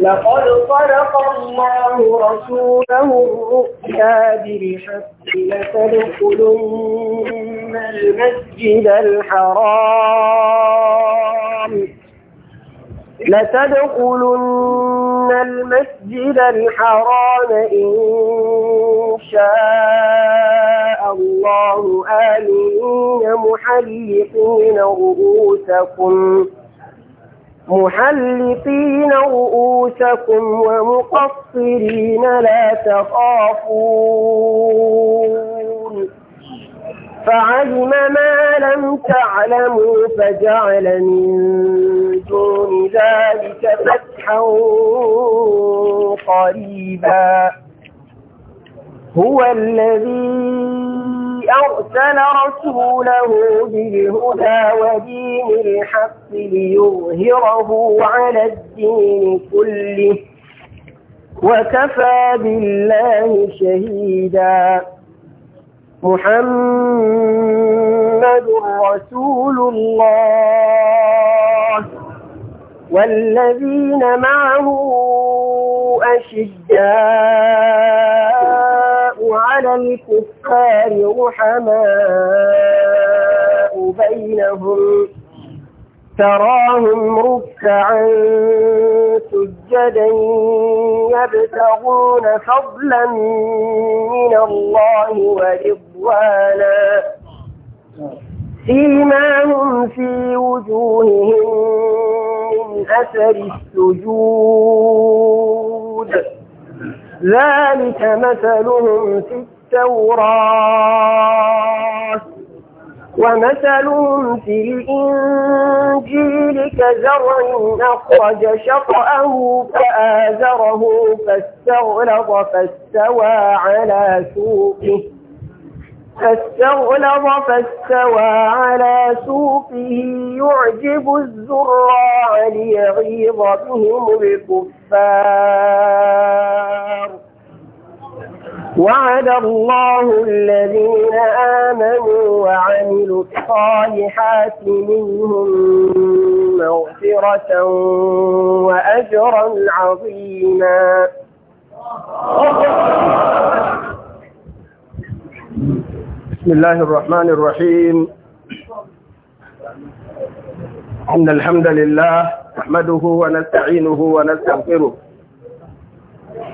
لقد صدق الله رسوله الرؤيا بالحق لتدخلن المسجد الحرام لتدخلن المسجد الحرام إن شاء الله آمنين محلقين رؤوسكم محلقين رؤوسكم ومقصرين لا تخافون فعلم ما لم تعلموا فجعل من دون ذلك فتحا قريبا هو الذي أرسل رسوله بالهدى ودين الحق ليظهره على الدين كله وكفى بالله شهيدا محمد رسول الله والذين معه أشداء على الكفار رحماء بينهم تراهم ركعا سجدا يبتغون فضلا من الله ورضوانا هم في وجوههم من أثر السجود ذلك مثلهم في التوراة ومثلهم في الإنجيل كزرع أخرج شطأه فآزره فاستغلظ فاستوى على سوقه فاستغلظ فاستوى على سوقه يعجب الزراع ليغيظ بهم الكفار وعد الله الذين آمنوا وعملوا الصالحات منهم مغفرة وأجرا عظيما بسم الله الرحمن الرحيم إن الحمد لله نحمده ونستعينه ونستغفره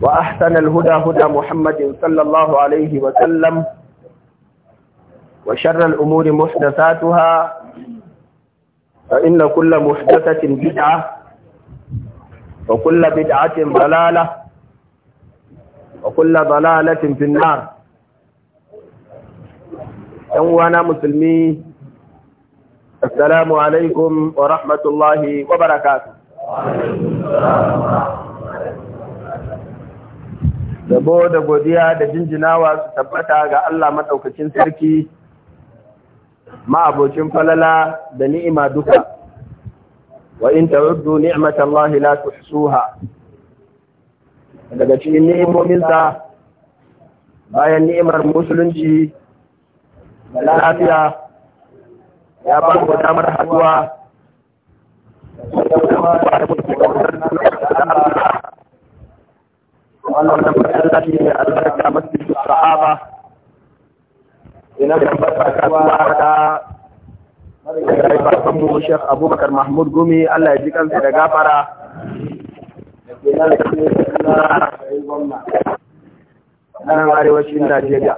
وأحسن الهدى هدى محمد صلى الله عليه وسلم وشر الأمور محدثاتها فإن كل محدثة بدعة وكل بدعة ضلالة وكل ضلالة في النار أنا مسلمي السلام عليكم ورحمة الله وبركاته وعليكم السلام ورحمة الله Gabo da godiya da jinjinawa su tabbata ga Allah maɗaukacin sarki, ma'abocin falala da ni'ima duka, wa in ta'uddu ni'mata Allah la tuhsuha daga cikin ni'imominsa bayan ni'imar musulunci da lafiya ya ba ku damar haduwa da kuma da wannan shi ne albarka masjidu sahaba ina da kasuwa ta da baban mu Sheikh Abubakar Mahmud Gumi Allah ya ji kansa da gafara nan arewacin Najeriya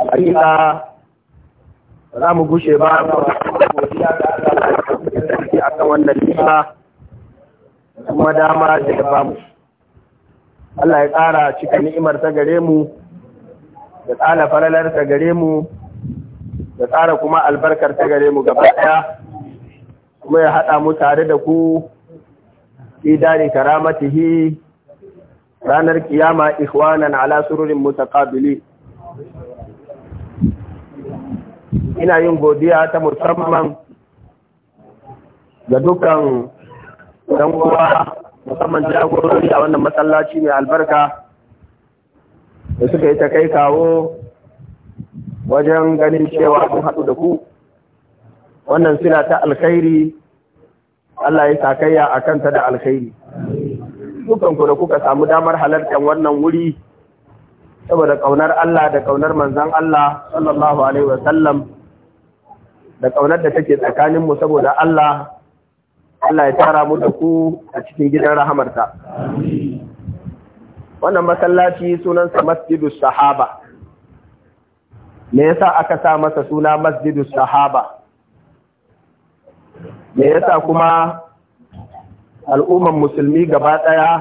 Hakika za mu gushe ba a kan wannan nisa. kuma dama da ya bamu Allah ya ƙara cika ni'imar ta gare mu da tsala falalar ta gare mu da tsara kuma albarkar ta gare mu gaba ɗaya kuma ya haɗa mu tare da ku idani karamatihi ranar kiyama ikhwanan ala sururin mutaqabili ina yin godiya ta musamman ga dukkan dan uwa musamman jagorori a wannan masallaci mai albarka da suka yi ta kai kawo wajen ganin cewa sun haɗu da ku wannan suna ta alkhairi Allah ya sakayya a kanta da alkhairi dukanku da kuka samu damar halartar wannan wuri saboda ƙaunar Allah da ƙaunar manzan Allah sallallahu alaihi wasallam da ƙaunar da take tsakaninmu saboda Allah Allah ya tara mu da ku a cikin gidan rahamarta wannan masallaci sunansa masjidu sahaba me yasa aka sa masa suna masjidu sahaba me yasa kuma al'umman musulmi gaba ɗaya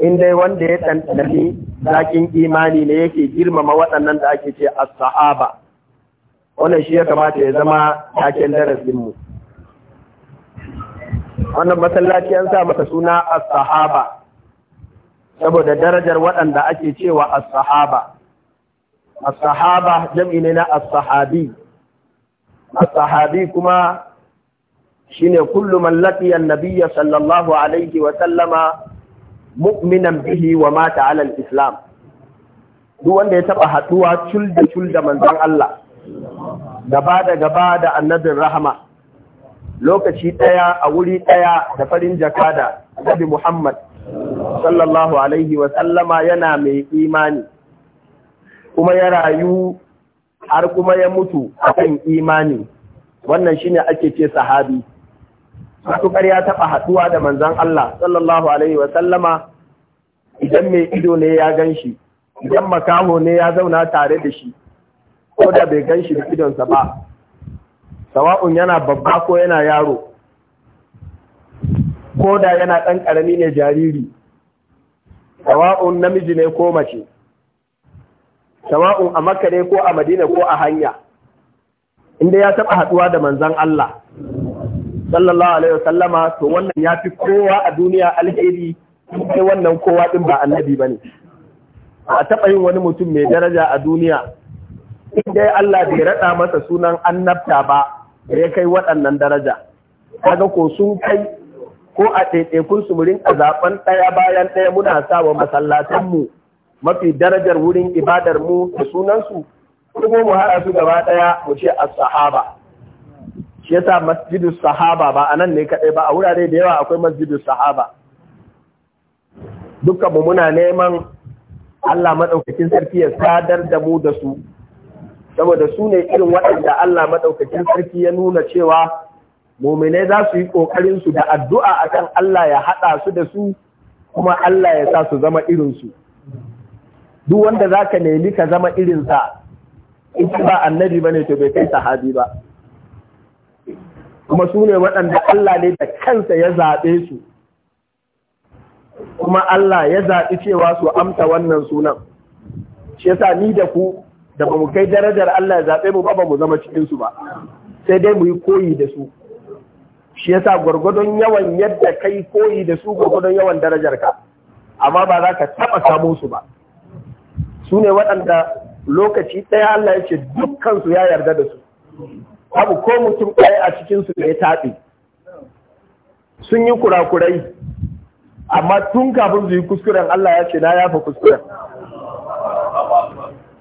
in dai wanda ya ɗanɗani zaƙin imani ne yake girmama waɗannan da ake ce as-sahaba wannan shi ya kamata ya zama taken darasinmu mu wannan masallaci an sa masa suna as-sahaba saboda darajar waɗanda ake cewa as-sahaba as-sahaba jam'i ne na as-sahabi as-sahabi kuma shine kullu man laqiya an-nabiyya sallallahu alaihi wa sallama mu'minan bihi wa mata ala al-islam duk wanda ya taba haduwa cul da cul da manzon Allah gaba da gaba da annabin rahma. lokaci ɗaya a wuri ɗaya da farin jakada Nabi Muhammad sallallahu alaihi wa sallama yana mai imani kuma ya rayu har kuma ya mutu akan imani wannan shine ake ce sahabi matuƙar ya taɓa haɗuwa da manzan Allah sallallahu alaihi wa sallama idan mai ido ne ya gan shi idan makaho ne ya zauna tare da shi ko da bai gan shi da idonsa ba sawa'un yana babba ko yana yaro ko da yana ɗan ƙarami ne jariri sawa'un namiji ne ko mace sawa'un a Makare ko a madina ko a hanya inda ya taɓa haɗuwa da manzan Allah sallallahu alaihi wasallama to wannan ya fi kowa a duniya alheri sai wannan kowa ɗin ba annabi ba ne a taɓa yin wani mutum mai daraja a duniya inda dai Allah bai raɗa masa sunan annabta ba da ya kai waɗannan daraja kaga ko sun kai ko a ɗaiɗaikun su murin a zaɓen ɗaya bayan ɗaya muna sa wa masallatanmu mafi darajar wurin ibadar mu da sunansu kuma mu hara su gaba ɗaya mu ce a sahaba shi yasa masjidus sahaba ba a nan ne kaɗai ba a wurare da yawa akwai masjidus sahaba Dukkanmu muna neman Allah maɗaukacin sarki ya sadar da mu da su saboda su ne irin waɗanda Allah maɗaukacin sarki ya nuna cewa muminai za su yi ƙoƙarin su da addu'a akan Allah ya haɗa su da su kuma Allah ya sa su zama irinsu. Duk wanda za ka nemi ka zama irinsa, in ba annabi ba ne to bai kai sahabi ba. Kuma su ne waɗanda Allah ne da kansa ya zaɓe su, kuma Allah ya zaɓi cewa su amsa wannan sunan. Shi yasa ni da ku da ba mu kai darajar Allah ya zaɓe mu ba ba mu zama cikinsu ba sai dai mu yi koyi da su shi yasa gwargwadon yawan yadda kai koyi da su gwargwadon yawan darajar ka amma ba za ka taɓa samu su ba su ne waɗanda lokaci ɗaya Allah ya ce dukkan su ya yarda da su abu ko mutum ɗaya a cikin su ya taɓe sun yi kurakurai amma tun kafin su yi kuskuren Allah ya ce na yafa kuskuren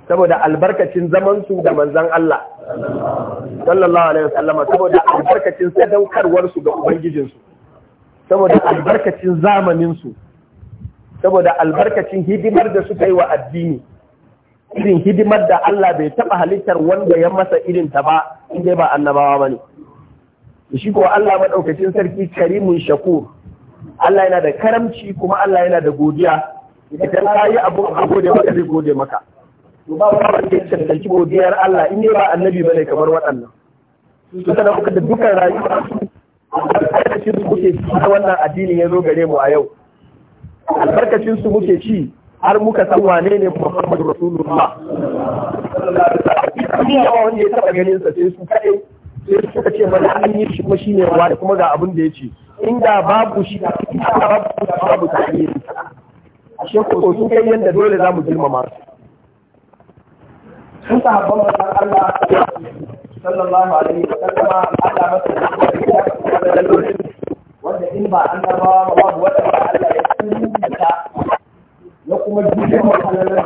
saboda albarkacin zamansu da manzan Allah sallallahu alaihi wasallama saboda albarkacin sadaukarwarsu ga ubangijinsu saboda albarkacin zamaninsu saboda albarkacin hidimar da suka yi wa addini irin hidimar da Allah bai taba halittar wanda ya masa irin ta ba inda ba annabawa ba ne shi ko Allah maɗaukacin sarki karimun shakur Allah yana da karamci kuma Allah yana da godiya idan ka yi abu a gode maka zai gode maka to ba wani da ya cancanci godiyar Allah in ne ba annabi bane kamar waɗannan su tana kuka da dukkan rayuwa albarkacin su muke ci har wannan addinin ya zo gare mu a yau albarkacin su muke ci har muka san wane ne Muhammadu Rasulullah Ni yawa wanda ya taɓa ganin sa sai su kaɗai sai suka ce mana an yi shi kuma shine wa da kuma ga abin da ya ce inda babu shi da babu babu tarihi ashe ko su kai yadda dole za mu girmama su sun sahabban manzon Allah sallallahu alaihi wa sallama Allah masa da kuma da wanda in ba an ba babu wanda ba Allah ya tsinta ya kuma jiya wa halalar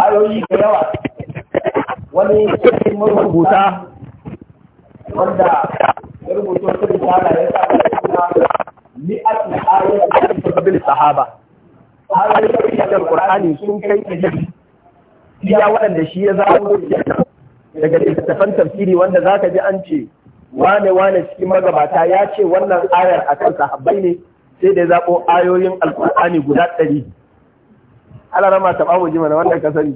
ayoyi da yawa wani cikin marubuta wanda ya rubuta su risala ya sa ta kuma mi'atu ayatu bil sahaba ayoyi da Qur'ani sun kai da iya waɗanda shi ya zaɓo daga littattafan tafsiri wanda za ka ji an ce wane wane cikin magabata ya ce wannan ayar a kan sahabbai ne sai da ya zaɓo ayoyin alƙur'ani guda ɗari Allah rama ta babu ji mana wannan ka sani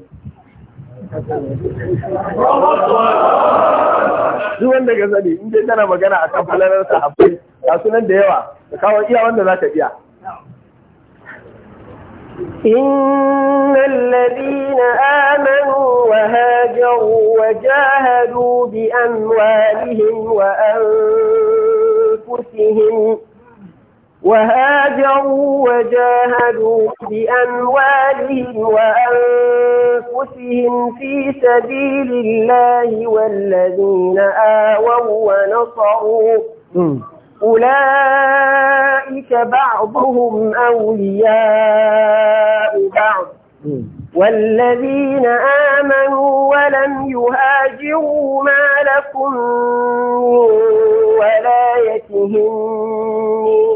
duk wanda ka sani in dai tana magana akan falalar sahabbai ga sunan da yawa ka kawo iya wanda za ka iya إن الذين آمنوا وهاجروا وجاهدوا بأموالهم وأنفسهم وهاجروا وجاهدوا بأموالهم وأنفسهم في سبيل الله والذين آووا ونصروا أولئك بعضهم أولياء بعض والذين آمنوا ولم يهاجروا ما لكم ولا ولايتهم من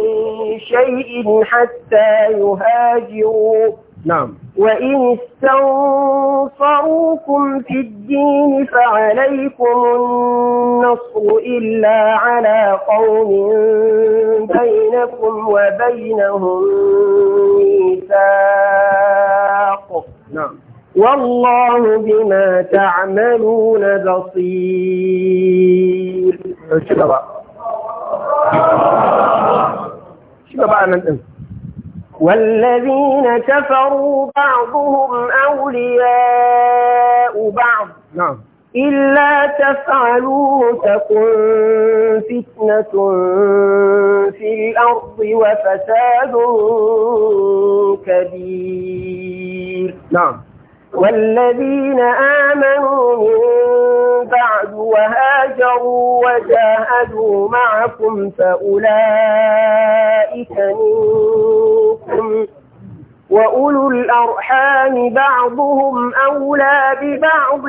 شيء حتى يهاجروا نعم وإن استنصروكم في الدين فعليكم النصر إلا على قوم بينكم وبينهم ميثاق نعم والله بما تعملون بصير بقى من أنا والذين كفروا بعضهم أولياء بعض نعم إلا تفعلوا تكن فتنة في الأرض وفساد كبير نعم والذين آمنوا من بعد وهاجروا وجاهدوا معكم فأولئك منكم وأولو الأرحام بعضهم أولى ببعض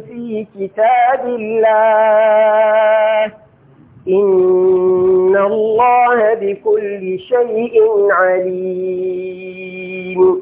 في كتاب الله إن الله بكل شيء عليم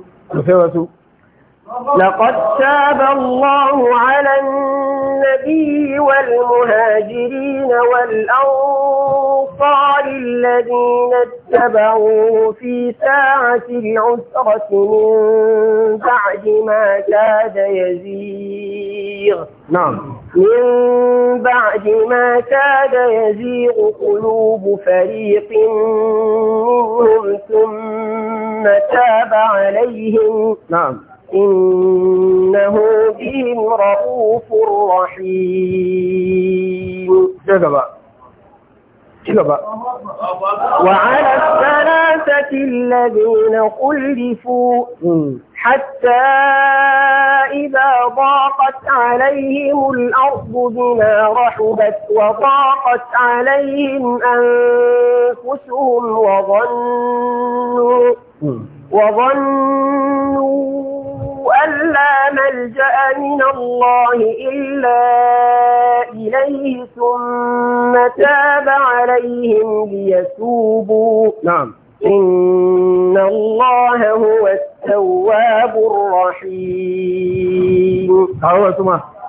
لقد تاب الله على النبي والمهاجرين والأنصار الذين اتبعوه في ساعة العسرة من بعد ما كاد يزيغ نعم من بعد ما كاد يزيغ قلوب فريق منهم ثم تاب عليهم نعم إنه بهم رؤوف رحيم وعلى الثلاثة الذين خلفوا حتى إذا ضاقت عليهم الأرض بما رحبت وضاقت عليهم أنفسهم وظنوا وظنوا أن لا ملجأ من الله إلا إليه ثم تاب عليهم ليتوبوا نعم إن الله هو التواب الرحيم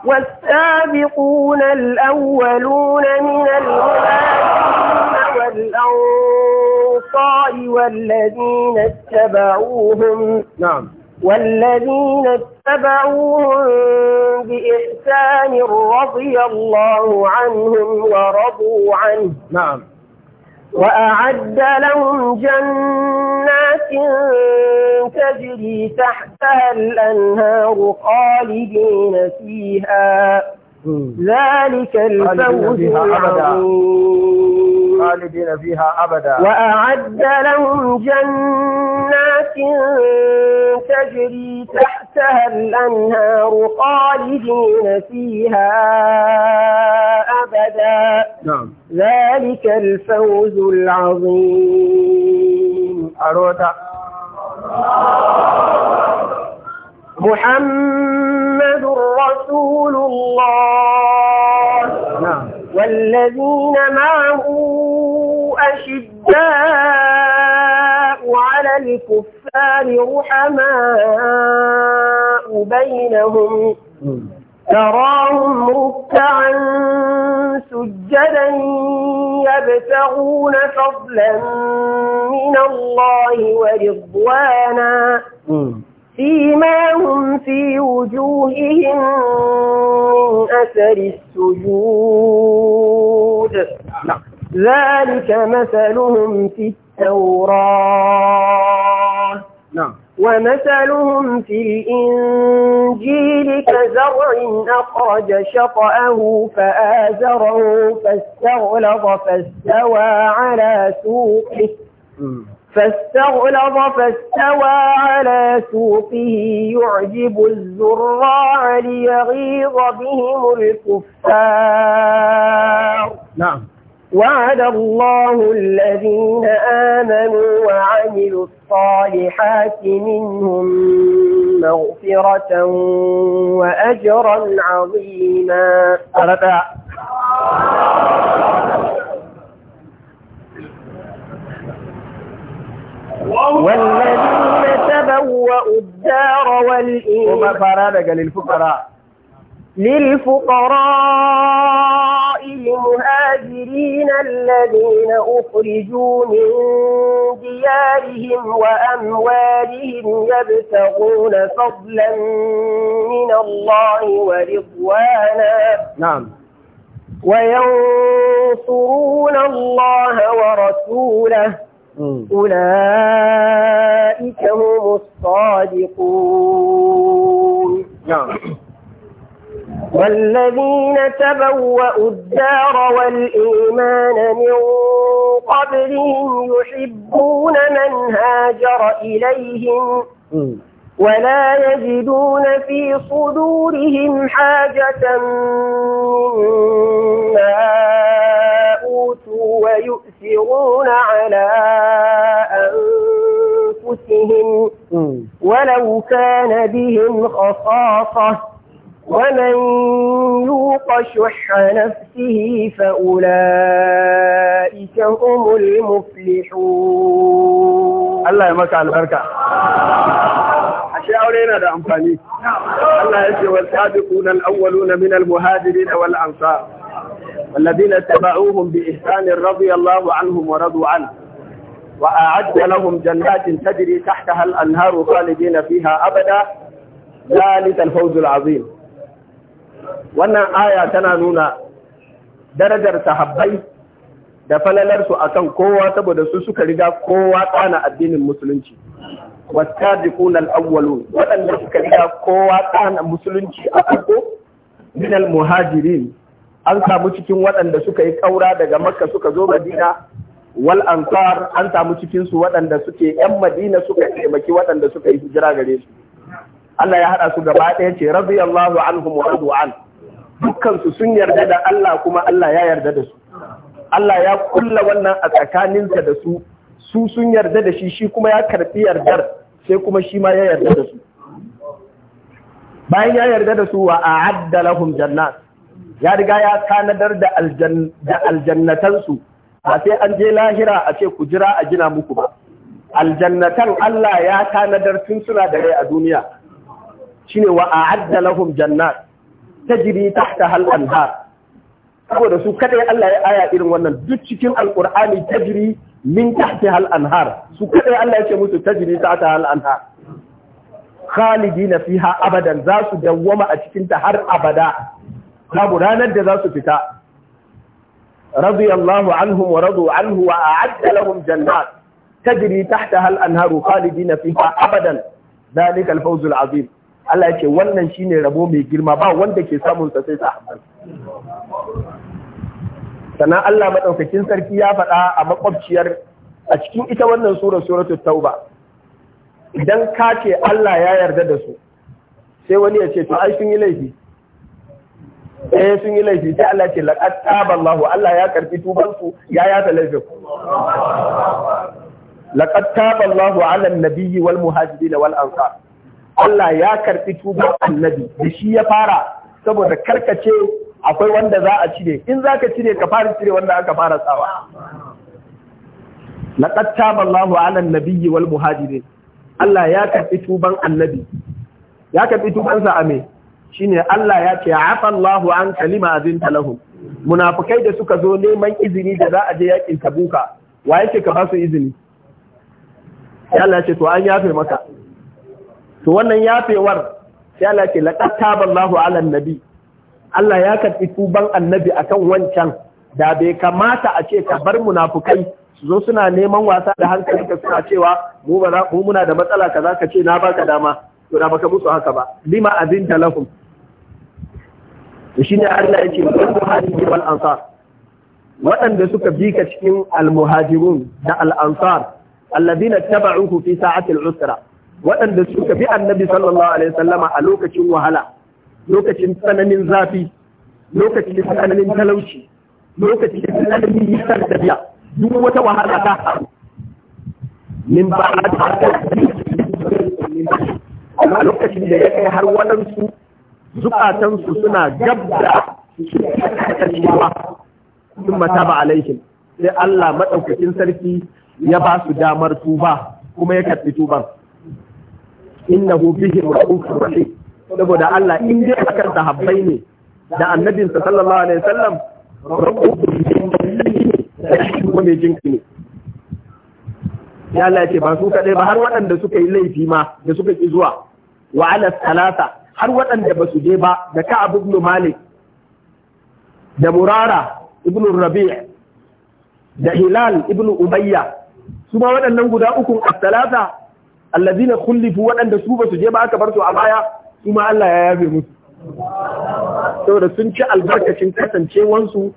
والسابقون الأولون من المهاجرين والأنصار والذين اتبعوهم نعم والذين اتبعوهم بإحسان رضي الله عنهم ورضوا عنه نعم وأعد لهم جنات تجري تحتها الأنهار خالدين فيها ذلك الفوز العظيم خالدين فيها أبدا وأعد لهم جنات تجري تحتها الأنهار خالدين فيها أبدا نعم ذلك الفوز العظيم أروتا محمد رسول الله والذين معه أشداء على الكفار رحماء بينهم تراهم ركعا سجدا يبتغون فضلا من الله ورضوانا سيماهم في وجوههم من أثر السجود ذلك مثلهم في التوراة نعم. ومثلهم في الإنجيل كزرع أخرج شطأه فآزره فاستغلظ فاستوى على سوقه فاستغلظ فاستوى على سوقه يعجب الزراع ليغيظ بهم الكفار نعم وعد الله الذين آمنوا وعملوا الصالحات منهم مغفرة وأجرا عظيما والذين تبوأوا الدار والإيمان فما للفقراء للفقراء المهاجرين الذين أخرجوا من ديارهم وأموالهم يبتغون فضلا من الله ورضوانا نعم وينصرون الله ورسوله أولئك هم الصادقون نعم والذين تبوأوا الدار والإيمان من قبلهم يحبون من هاجر إليهم ولا يجدون في صدورهم حاجة مما يؤثرون على أنفسهم ولو كان بهم خصاصة ومن يوق شح نفسه فأولئك هم المفلحون الله يمكع البركة شاورينا ده أمفاني الله يسي والسابقون الأولون من المهاجرين والأنصار والذين اتبعوهم بإحسان رضي الله عنهم ورضوا عنه وأعد لهم جنات تجري تحتها الأنهار خالدين فيها أبدا ذلك الفوز العظيم wannan aya tana nuna darajar sahabbai da falalarsu akan kowa saboda su suka riga kowa tsana addinin musulunci Wata jikunan awwalun waɗanda suka riga kowa tsana musulunci a farko muhajirin an samu cikin waɗanda suka yi ƙaura daga makka suka zo madina wal ansar an samu cikin su waɗanda suke yan madina suka taimaki waɗanda suka yi hijira gare su Allah ya haɗa su gaba ɗaya ce radiyallahu anhum wa radu an dukkan su sun yarda da Allah kuma Allah ya yarda da su Allah ya kulla wannan a tsakaninsa da su su sun yarda da shi shi kuma ya karɓi yardar sai kuma shi ma ya yarda da su bayan ya yarda da su wa a'adda lahum jannat ya riga ya tanadar da aljannatansu ba sai an je lahira a ce ku jira a gina muku ba aljannatan Allah ya tanadar tun suna da rai a duniya shine wa a'adda lahum jannat tajri tahta hal anhar saboda su kadai Allah ya aya irin wannan duk cikin alqur'ani tajri min tahta hal anhar su kadai Allah ya ce musu tajri tahta hal anhar khalidina fiha abadan za su dawwama a cikin ta har abada babu ranar da za su fita radiyallahu anhum wa radu anhu wa a'adda lahum jannat tajri tahta hal anharu khalidina fiha abadan dalika al-fawz azim Allah yake wannan shine rabo mai girma ba wanda ke samun sa sai sahabbai sannan Allah madaukakin sarki ya faɗa a makwabciyar a cikin ita wannan sura suratu tauba idan ka ce Allah ya yarda da su sai wani ya ce to ai sun yi laifi eh sun yi laifi sai Allah ce laqad taballahu Allah ya karfi tuban su ya yata laifin laqad taballahu ala an-nabiyyi wal muhajirin wal ansar Allah ya karfi tuban annabi da shi ya fara saboda karkace akwai wanda za a cire in zaka cire ka fara cire wanda aka fara tsawa laqad taballahu ala an-nabiyyi wal muhajirin Allah ya karfi tuban annabi ya karfi tuban sa ame. shine Allah ya ce afallahu an kalima azin talahum munafikai da suka zo neman izini da za a je yakin tabuka wa yake ka ba su izini sai Allah ce to an yafe maka to wannan yafewar sai Allah ya ce laqad taballahu ala nabi Allah ya karɓi tuban annabi akan wancan da bai kamata a ce ka bar munafukai su zo suna neman wasa da hankali ka suna cewa mu muna da matsala kaza ka ce na baka dama to baka musu haka ba lima azinta lahum to shine Allah yake al-muhajirin wal ansar waɗanda suka bi ka cikin al-muhajirun da al-ansar alladhina taba'uhu fi sa'ati al-usra waɗanda suka bi annabi sallallahu alaihi wasallama a lokacin wahala lokacin tsananin zafi lokacin tsananin talauci lokacin tsananin da tafiya duk wata wahala ta haru min ba'ad min amma lokacin da ya kai har waɗansu zukatansu suna gab da cewa sun mata ba alaihim sai Allah maɗaukakin sarki ya ba su damar tuba kuma ya karɓi tuban innahu bihim ra'ufur rahim saboda Allah in dai akan sahabbai ne da annabinsa sallallahu alaihi wasallam ra'ufur rahim kuma mai jinki ne ya Allah ce ba su kaɗai ba har waɗanda suka yi laifi ma da suka ƙi zuwa wa ala har waɗanda ba su je ba da ka ibn Malik da Murara ibn Rabi' da Hilal ibn ubayya su ma waɗannan guda uku as talata allazina khulifu waɗanda su ba su je ba aka bar su a baya su ma Allah ya yafe musu saboda sun ci albarkacin kasancewansu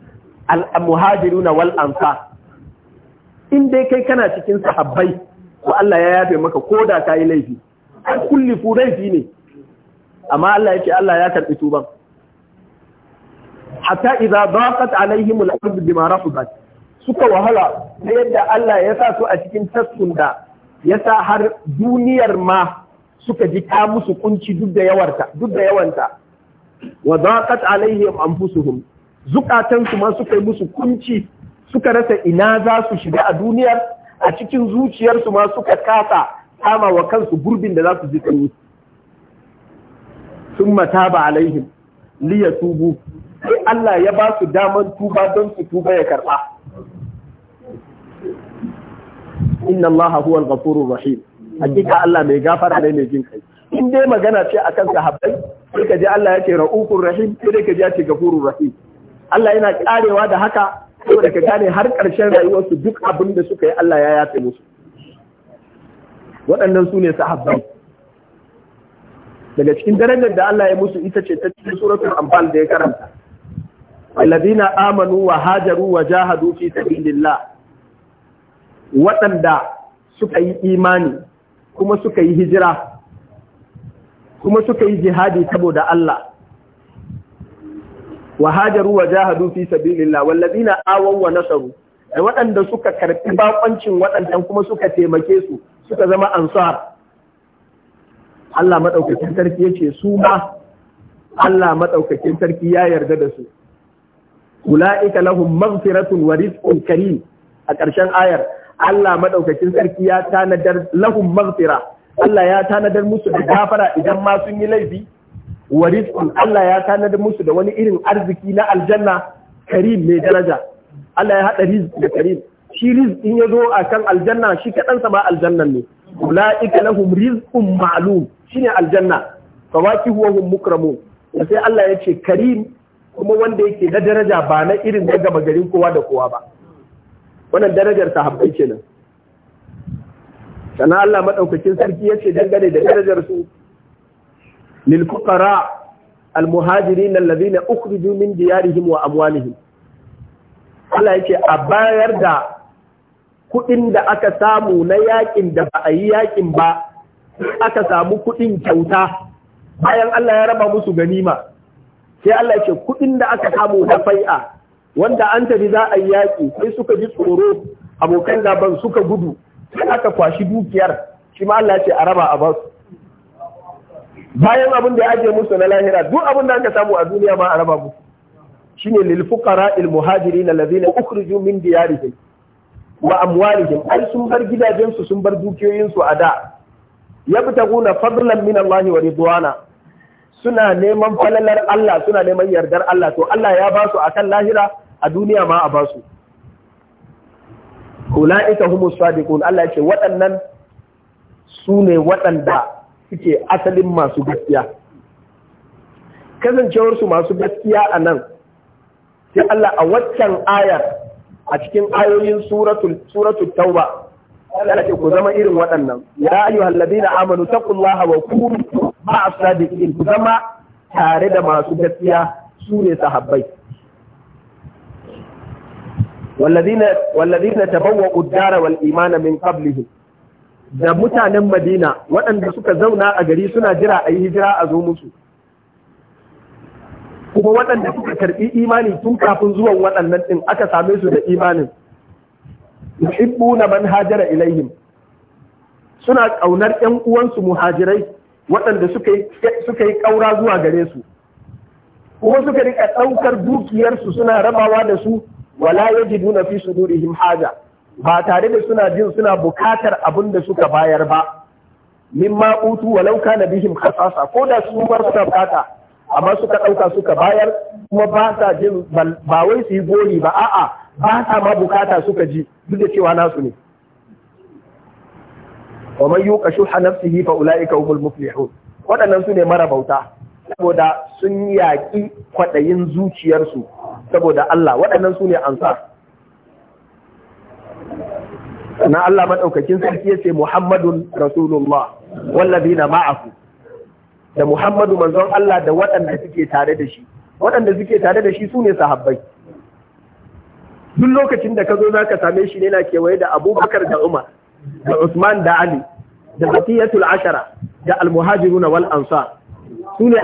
al-muhajiruna wal ansar in dai kai kana cikin sahabbai ko Allah ya yafe maka ko da ka yi laifi an kullifu fi ne amma Allah yake Allah ya karbi tuba hatta idza daqat alaihim al-ard bima rahabat suka wahala ta yadda Allah ya sa su a cikin taskun da ya sa har duniyar ma suka ji ta musu kunci duk da yawarta duk da yawanta wa daqat alaihim anfusuhum zukatansu ma suka yi musu kunci suka rasa ina za su shiga a duniyar a cikin zuciyarsu ma suka kasa kama wa kansu gurbin da za su ji tsoro sun mata ba alaihim liya tubu sai Allah ya ba su daman tuba don su tuba ya karɓa. Inna Allah huwa al-ghafurur rahim. Hakika Allah mai gafara ne mai jin kai. In dai magana ce akan sahabbai, sai ka ji Allah yake ra'ufur rahim, sai ka ji yake gafurur rahim. Allah yana karewa da haka saboda ka gane har ƙarshen rayuwarsu duk abin da suka yi Allah ya yafe musu. waɗannan su ne sahabbai daga cikin darajar da Allah ya musu ita ce ta cikin suratul anfal da ya karanta alladhina amanu wa hajaru wa jahadu fi sabilillah waɗanda suka yi imani kuma suka yi hijira kuma suka yi jihadi saboda Allah wa hajaru wa jahadu fi sabilillah wallazina awaw wa nasaru waɗanda suka karɓi bakoncin waɗannan kuma suka taimake su suka zama ansar Allah maɗaukakin sarki ya ce su ma Allah maɗaukakin sarki ya yarda da su ula'ika lahum maghfiratun wa rizqun karim a ƙarshen ayar Allah maɗaukakin sarki ya tanadar lahum maghfira Allah ya tanadar musu da gafara idan ma sun yi laifi wa rizqun Allah ya tanadar musu da wani irin arziki na aljanna karim mai daraja Allah ya haɗa rizq da karim shi rizqin ya zo a kan aljanna shi kaɗansa ba aljannan ne ulaika lahum rizqun ma'lum ne aljanna fawakihu huwa hum mukramun sai Allah ya ce karim kuma wanda yake na daraja ba na irin na gama garin kowa da kowa ba wannan darajar sahabbai kenan sannan Allah maɗaukakin sarki ya ce dangane da darajar su lil fuqara al muhajirin alladhina ukhriju min diyarihim wa amwalihim Allah yake a bayar da kuɗin da aka samu na yakin da ba a yi yakin ba aka samu kuɗin kyauta bayan Allah ya raba musu ganima sai Allah ce kuɗin da aka samu na fai'a wanda an tafi za a yi yaƙi sai suka ji tsoro abokan gaban suka gudu sai aka kwashi dukiyar shi ma Allah ce a raba a basu bayan abin da ya ajiye musu na lahira duk abin da aka samu a duniya ma a raba musu shine lil fuqara al muhajirin alladhina ukhriju min diyarihim wa amwalihim ai sun bar gidajensu sun bar dukiyoyinsu a da yabtaguna fadlan min Allah wa ridwana suna neman falalar Allah suna neman yardar Allah to Allah ya basu akan lahira a duniya ma a basu ulaika humus sadiqun Allah yake waɗannan su ne waɗanda suke asalin masu gaskiya kasancewarsu masu gaskiya a nan sai Allah a waccan ayar a cikin ayoyin suratul suratul tauba Allah ku zama irin waɗannan ya ayyuhal ladina amanu taqullaha wa kunu ma'a sadiqin ku zama tare da masu gaskiya su ne sahabbai والذين والذين تبوأوا الدار والإيمان من قبلهم da mutanen Madina waɗanda suka zauna a gari suna jira a yi hijira a zo musu kuma waɗanda suka karɓi imani tun kafin zuwan waɗannan ɗin aka same su da imanin na man hajara ilaihim suna ƙaunar ƴan uwansu muhajirai waɗanda suka yi ƙaura zuwa gare su kuma suka rika ɗaukar dukiyarsu suna rabawa da su wala yajiduna fi sudurihim haja ba tare da suna jin suna bukatar abin da suka bayar ba min ma utu na kana bihim khasasa ko da su bar suka bukata amma suka ɗauka suka bayar kuma ba sa jin ba wai su yi gori ba a'a ba sa ma bukata suka ji duk da cewa nasu ne wa man yuqa shuha nafsihi fa ulaika humul muflihun waɗannan su ne mara bauta saboda sun yaƙi kwaɗayin zuciyarsu saboda Allah waɗannan su ne ansar na Allah maɗaukakin sarki ya ce Muhammadun Rasulullah wallazina ma'ahu da Muhammadu manzon Allah da waɗanda suke tare da shi waɗanda suke tare da shi su ne sahabbai duk lokacin da ka zo zaka same shi ne na kewaye da Abubakar da Umar da Usman da Ali da Baqiyatul Ashara da al na wal Ansar su ne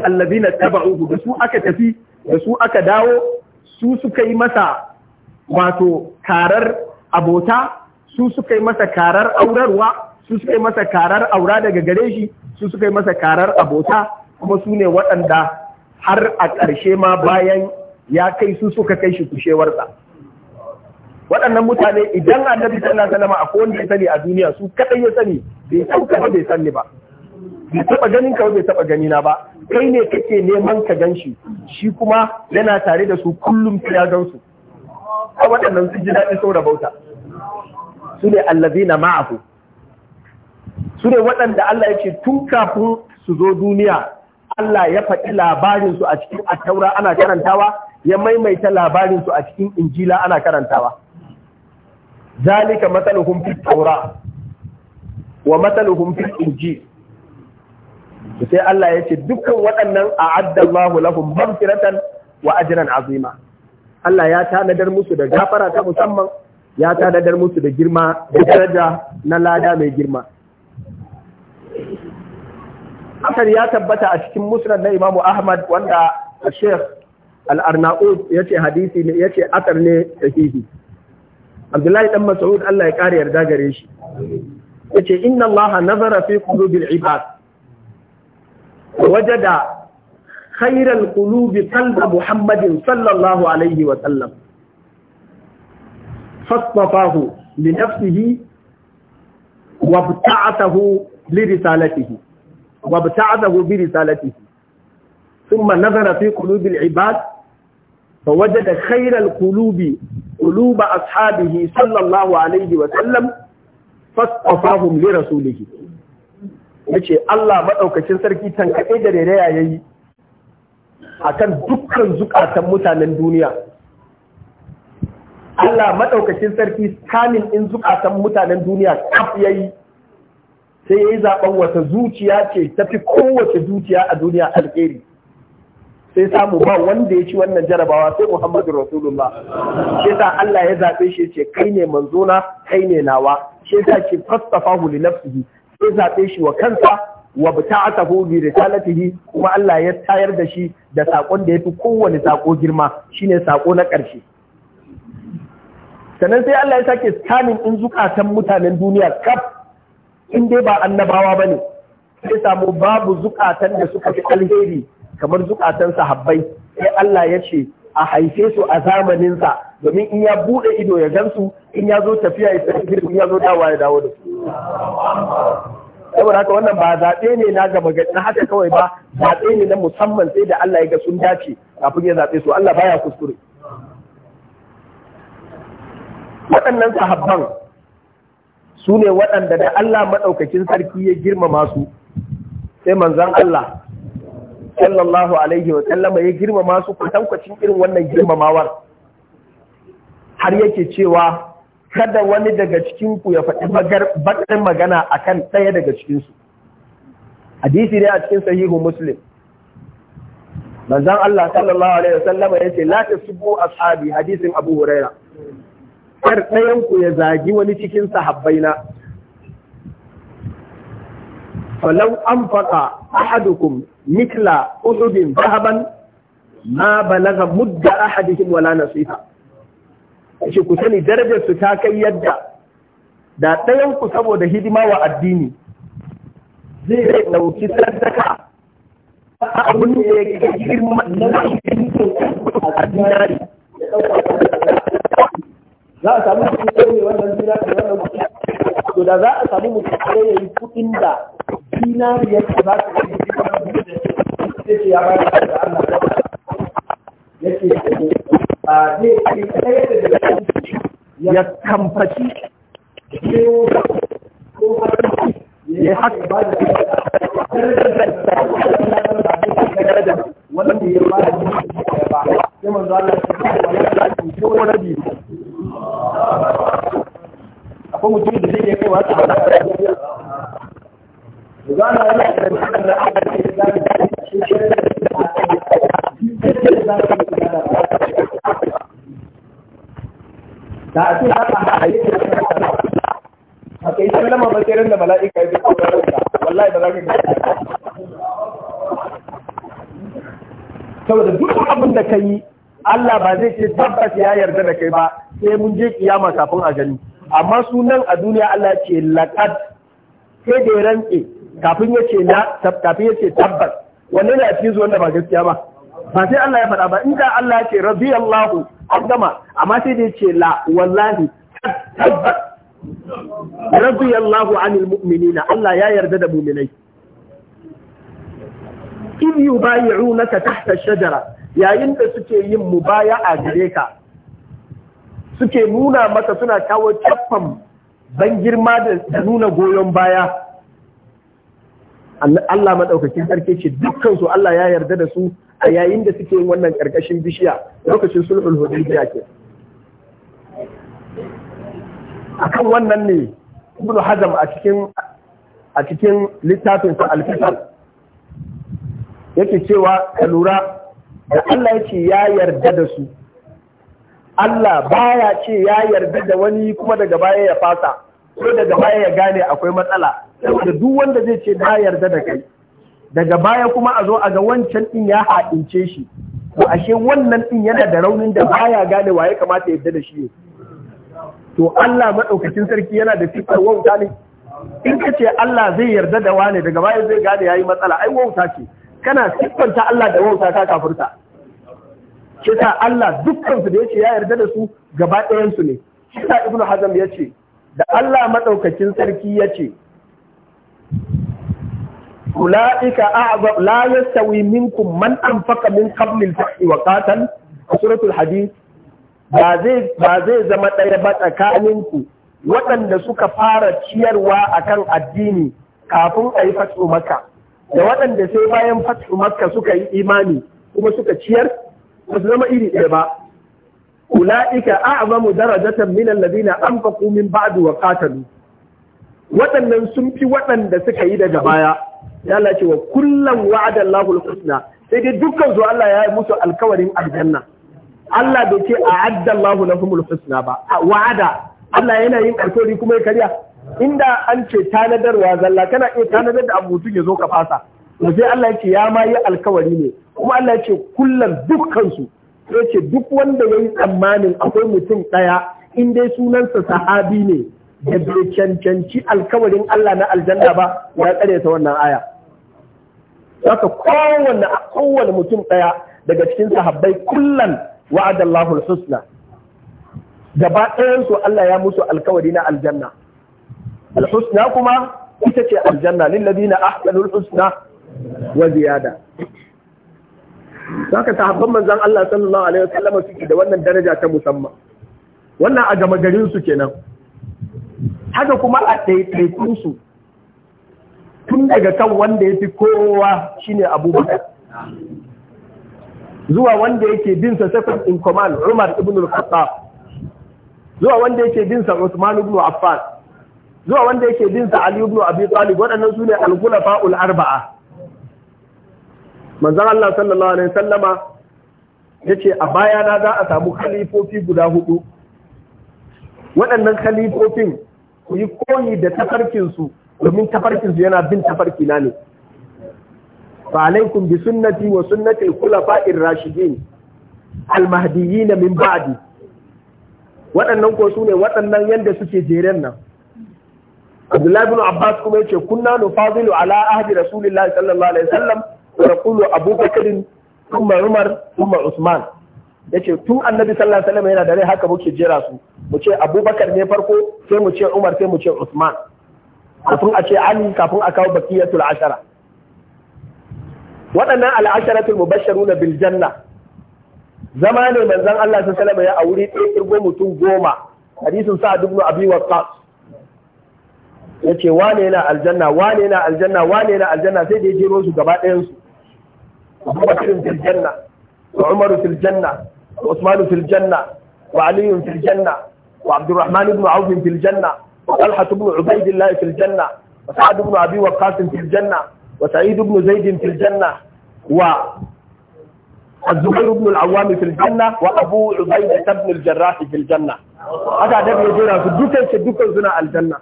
taba uku da su aka tafi da su aka dawo su suka yi masa wato karar abota su suka yi masa karar aurarwa su suka yi masa karar aura daga gare shi su suka yi masa karar abota kuma su ne waɗanda har a ƙarshe ma bayan ya kai su suka kai shi kushewarsa waɗannan mutane idan annabi sallallahu alaihi wasallam akwai wanda ya sani a duniya su kadai ya sani bai tauka ba bai sani ba bai taba ganin ka bai taba gani na ba kai ne kake neman ka gan shi shi kuma yana tare da su kullum sai ya gan su a waɗannan sun ji daɗi saura bauta su ne allazina ma'ahu su ne waɗanda Allah ya ce tun kafin su zo duniya Allah ya faɗi labarinsu a cikin attaura ana karantawa ya maimaita labarinsu a cikin injila ana karantawa zalika matsaluhun fi taura wa matsaluhun fi inji sai Allah ya ce dukkan waɗannan a addallahu lahum maghfiratan wa ajran azima Allah ya tanadar musu da gafara ta musamman ya tanadar musu da girma da daraja na lada mai girma akar ya tabbata a cikin musnad na imamu ahmad wanda sheikh al-arnaud ya ce hadisi ne ya ce akar ne sahihi abdullahi dan mas'ud Allah ya kare yarda gare shi ya ce inna Allah nazara fi qulubil ibad wajada khairal qulubi qalba muhammadin sallallahu alaihi wa sallam fastafahu li nafsihi wa li risalatihi وابتعده برسالته ثم نظر في قلوب العباد فوجد خير القلوب قلوب أصحابه صلى الله عليه وسلم فاصطفاهم لرسوله yace Allah maɗaukacin sarki tankaɗe da reraya ya yi a kan dukkan zukatan mutanen duniya. Allah maɗaukacin sarki kamin in zukatan mutanen duniya kaf ya sai ya yi zaɓen wata zuciya ce tafi kowace zuciya a duniya alheri sai samu ba wanda ya ci wannan jarabawa sai Muhammadu Rasulullah shi sa Allah ya zaɓe shi ce kai ne manzona kai ne nawa shi sa ce fastafahu li nafsihi sai zaɓe shi wa kansa wa bita'atahu bi risalatihi kuma Allah ya tayar da shi da saƙon da yafi kowane sako girma shine sako na ƙarshe sannan sai Allah ya sake scanning in zukatan mutanen duniya kaf in dai ba annabawa ba ne sai samu babu zukatan da suka fi alheri kamar zukatan sahabbai sai Allah ya ce a haife su a zamaninsa domin in ya bude ido ya gansu in ya zo tafiya ya tafi in ya zo dawa ya dawo da su saboda haka wannan ba zaɓe ne na gaba na haka kawai ba zaɓe ne na musamman sai da Allah ya ga sun dace kafin ya zaɓe su Allah baya kuskure waɗannan sahabban su ne waɗanda da Allah maɗaukakin sarki ya girmama su sai manzan Allah sallallahu alaihi wa sallama ya girmama su kwatankwacin irin wannan girmamawar har yake cewa kada wani daga cikinku ya faɗi baƙin magana akan ɗaya daga cikinsu hadisi ne a cikin sahihu muslim manzan Allah sallallahu alaihi wa sallama ya ce la subu ashabi hadisin abu huraira kar ɗayanku ya zagi wani cikin sahabbaina falau an faɗa ahadukum mitla uhudin zahaban ma balaga mudda ahadihim wala nasifa shi ku sani darajar su ta kai yadda da ɗayanku saboda hidima wa addini zai ɗauki sadaka abin da ya girma na cikin a dinari za a samu cikin ɗaya ne wannan zinari da wannan mutum to da za a samu mutum ɗaya ya yi kuɗin da zinari ya za su yi cikin wannan mutum da ya bada da Allah ya ce a ke kai da da ya kamfaci ya haka ba da ya ba da ba ya Allah ya ce akwai mutum da zai kai wata hada da ya zana da da aka ce da zai da shi shi da da a cikin haka da ayyukan da ta da da kai sallama basirin da mala'ika ya fi kokarin ka da ba za ka da saboda duk abin da ka yi Allah ba zai ce tabbas ya yarda da kai ba sai mun je kiyama kafin a gani amma sunan a duniya Allah ce laqad sai da ya kafin ya ce na kafin ya ce tabbas wanne ne a cikin zuwan da ba gaskiya ba ba sai Allah ya faɗa ba in da Allah ya ce radiyallahu an gama amma sai da ya ce la wallahi tabbas radiyallahu anil mu'minina Allah ya yarda da mu'minai in yubayi'unaka tahta shajara yayin da suke yin mubaya'a gare ka suke nuna masa suna kawo caffan ban girma da nuna goyon baya Allah maɗaukakin ƙarfe ce dukkan Allah ya yarda da su a yayin da suke wannan ƙarƙashin bishiya lokacin sulhul hudaybiya ke akan wannan ne Ibn hazam a cikin a cikin littafin sa al-Fitan yake cewa ka lura da Allah ya ce ya yarda da su Allah baya ce ya yarda da wani kuma daga baya ya fasa ko daga baya ya gane akwai matsala saboda duk wanda zai ce na yarda da kai daga baya kuma a zo a ga wancan din ya haɗince shi to ashe wannan din yana da raunin da baya gane wa ya kamata yarda da shi to Allah madaukakin sarki yana da fitar wauta ne in ka ce Allah zai yarda da wani daga baya zai gane yayi matsala ai wauta ce kana siffanta Allah da wauta ka kafurta shi Allah dukkansu su da yace ya yarda da su gaba ɗayan ne shi sa Ibn Hazm ce. da Allah madaukakin sarki ya ce. yace la yastawi minkum man anfaqa min أنفق al-fath wa qatal suratul hadid ba zai zama ɗaya ba tsakaninku waɗanda suka fara ciyarwa akan addini kafin a yi fatu maka da waɗanda sai bayan fatu maka suka yi imani kuma suka ciyar ba su zama iri ɗaya ba ula'ika a'zamu darajatan min alladhina anfaqu min ba'du wa qatalu waɗannan sun fi waɗanda suka yi daga baya ya Allah ce wa kullum wa'ada Allahu husna sai dai dukkan zuwa Allah ya yi musu alkawarin aljanna Allah bai ce a'adda Allahu lahumul husna ba wa'ada Allah yana yin alkawari kuma ya karya inda an ce tanadarwa zalla kana iya tanadar da abu mutum ya zo ka fasa to sai Allah yake ya ma yi alkawari ne kuma Allah yake kullum dukkansu sai ce duk wanda ya yi tsammanin akwai mutum ɗaya in dai sunansa sahabi ne da bai cancanci alkawarin Allah na aljanna ba ya tsare ta wannan aya haka kowanne kowanne mutum ɗaya daga cikin sahabbai kullum wa'adallahu husna gaba ɗayansu Allah ya musu alkawari na aljanna Al-husna kuma ita ce aljanna lillazina ahsanul husna wa ziyada saka sahabban manzon Allah sallallahu alaihi wasallam suke da wannan daraja ta musamman wannan a gama garin su kenan haka kuma a ɗaiɗaikun su tun daga kan wanda ya fi kowa shine Abubakar zuwa wanda yake bin sa second in command Umar ibn al-Khattab zuwa wanda yake bin sa Uthman ibn Affan zuwa wanda yake bin sa Ali ibn Abi Talib waɗannan su ne al-khulafa al-arba'a manzan Allah sallallahu alaihi wasallama ce a bayana za a samu khalifofi guda hudu waɗannan khalifofin ku yi koyi da tafarkinsu domin tafarkinsu yana bin tafarkina ne fa alaikum bi sunnati wa sunnati al-khulafa'ir rashidin al-mahdiyyin min ba'di waɗannan ko su ne waɗannan yadda suke jeren nan Abdullahi bin Abbas kuma yace kunna nufazilu ala ahdi Rasulillahi sallallahu alaihi wasallam ونقول أبو بكر ثم عمر ثم عثمان yace tun annabi sallallahu alaihi wasallam yana da rai haka muke jera su mu ce abubakar ne farko sai mu ce umar sai mu ce usman kafin a ce ali kafin a kawo bakiyatul ashara waɗannan al'asharatul mubashsharuna bil janna zama ne manzon Allah sallallahu alaihi wasallam ya aure ɗaya kirgo mutum goma hadisin sa ibn abi waqqas yace wane yana aljanna wane yana aljanna wane yana aljanna sai da ya jero su gaba ɗayan su أبو بكر في الجنة وعمر في الجنة وعثمان في الجنة وعلي في الجنة وعبد الرحمن بن عوف في الجنة وطلحة بن عبيد الله في الجنة وسعد بن أبي وقاص في الجنة وسعيد بن زيد في الجنة والزبير بن العوام في الجنة وأبو عبيدة بن الجراح في الجنة هذا ده بيجينا في الدكان في الدكان زنا الجنة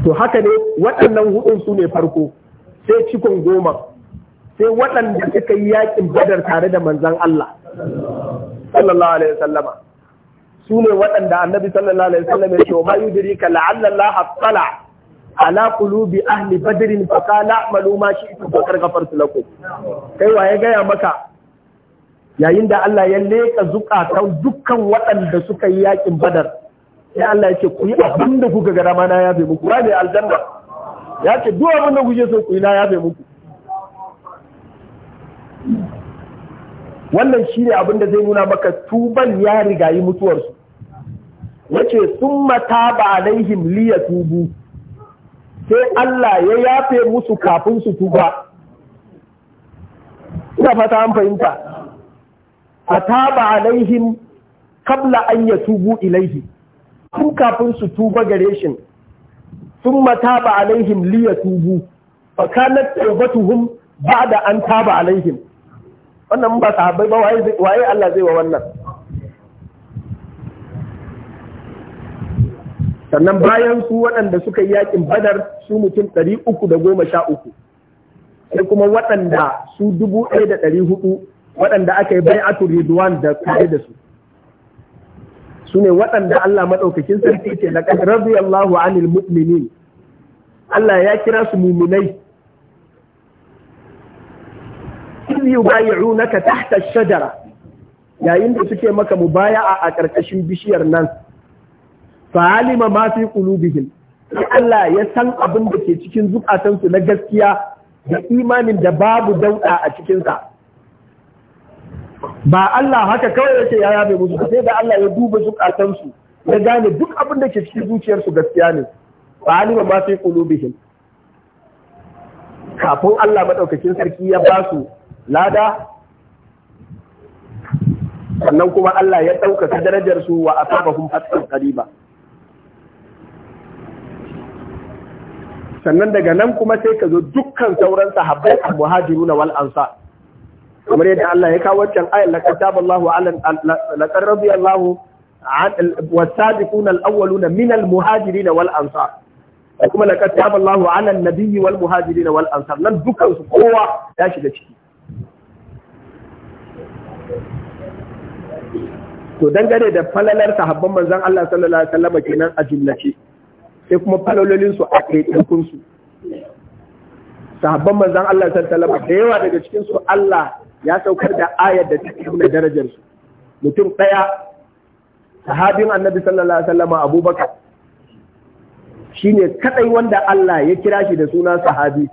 to haka وأنه waɗannan hudun sai cikon goma sai waɗanda suka yi yakin badar tare da manzan Allah sallallahu alaihi wasallama su ne waɗanda annabi sallallahu alaihi wasallama ya ce wa ma yudrika la'alla Allah ala qulubi ahli badrin fa qala amalu ma shi'tum fa lakum kai waye gaya maka yayin da Allah ya leka zukatan dukkan waɗanda suka yi yaƙin badar sai Allah ya ce ku yi abin da kuka ga rama na ya bai muku ba ne aljanna ya ce duk abin da kuke so ku ila yafe muku wannan shi ne abin da zai nuna maka tuban ya rigayi mutuwarsu Wace sun mata ba alaihim liya tubu sai Allah ya yafe musu kafin su tuba ina fata an fahimta taba alaihim kabla an ya tubu ilaihi tun kafin su tuba gare shi ثم taba alaihim ليتوبوا فكانت توبتهم بعد da an taba alaihim wannan ba sahabbai ba waye Allah zai wa wannan sannan bayan su waɗanda suka yi yakin badar su mutum ɗari uku da goma sha uku sai kuma waɗanda su dubu ɗaya da ɗari hudu waɗanda aka yi bai'atu ridwan da kare da su su ne waɗanda Allah maɗaukakin sarki ce na ƙasar radiyallahu anil mu'minin Allah ya kira su muminai in ka tahta shajara yayin da suke maka baya a ƙarƙashin bishiyar nan alima ma fi qulubihim Allah ya san abin da ke cikin zukatansu na gaskiya da imanin da babu dauɗa a cikinsa ba Allah haka kawai yake ya bai musu sai da Allah ya duba zukatansu ya gane duk abin da ke cikin zuciyarsu gaskiya ne ba alima ma sai qulubihim kafin Allah madaukakin sarki ya ba su lada sannan kuma Allah ya ɗaukaka darajar su wa asabahum hatta qariba sannan daga nan kuma sai ka zo dukkan sauran sahabbai al-muhajiruna wal ansar kamar yadda Allah ya kawo wancan ayar laqad taballahu ala laqad radiyallahu والسابقون الأولون من المهاجرين والأنصار kuma laqad taba Allahu 'ala an-nabiyyi wal muhajirin wal ansar nan dukkan su kowa ya shiga ciki to dangane da falalar sahabban manzon Allah sallallahu alaihi wasallam kenan a jumlace sai kuma falalolin su a ɗaiɗaikun su sahabban manzon Allah sallallahu alaihi wasallam da yawa daga cikin su Allah ya saukar da ayar da take nuna darajar su mutum ɗaya sahabin annabi sallallahu alaihi wasallam abubakar shine kadai wanda Allah ya kira shi da suna sahabi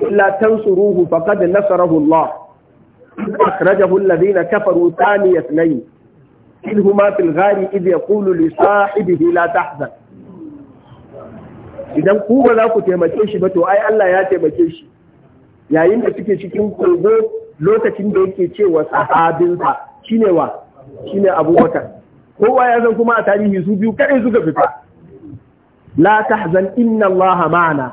illa tansuruhu faqad nasarahu Allah akhrajahu alladhina kafaru ثاني اثنين Ilhuma في الغار إذ يقول لصاحبه لا تحزن idan ku ba za ku taimake shi ba to ai Allah ya taimake shi yayin da suke cikin kogo lokacin da yake cewa sahabinsa shine wa shine abubakar kowa ya san kuma a tarihi su biyu kadai suka fita la tahzan inna allaha ma'ana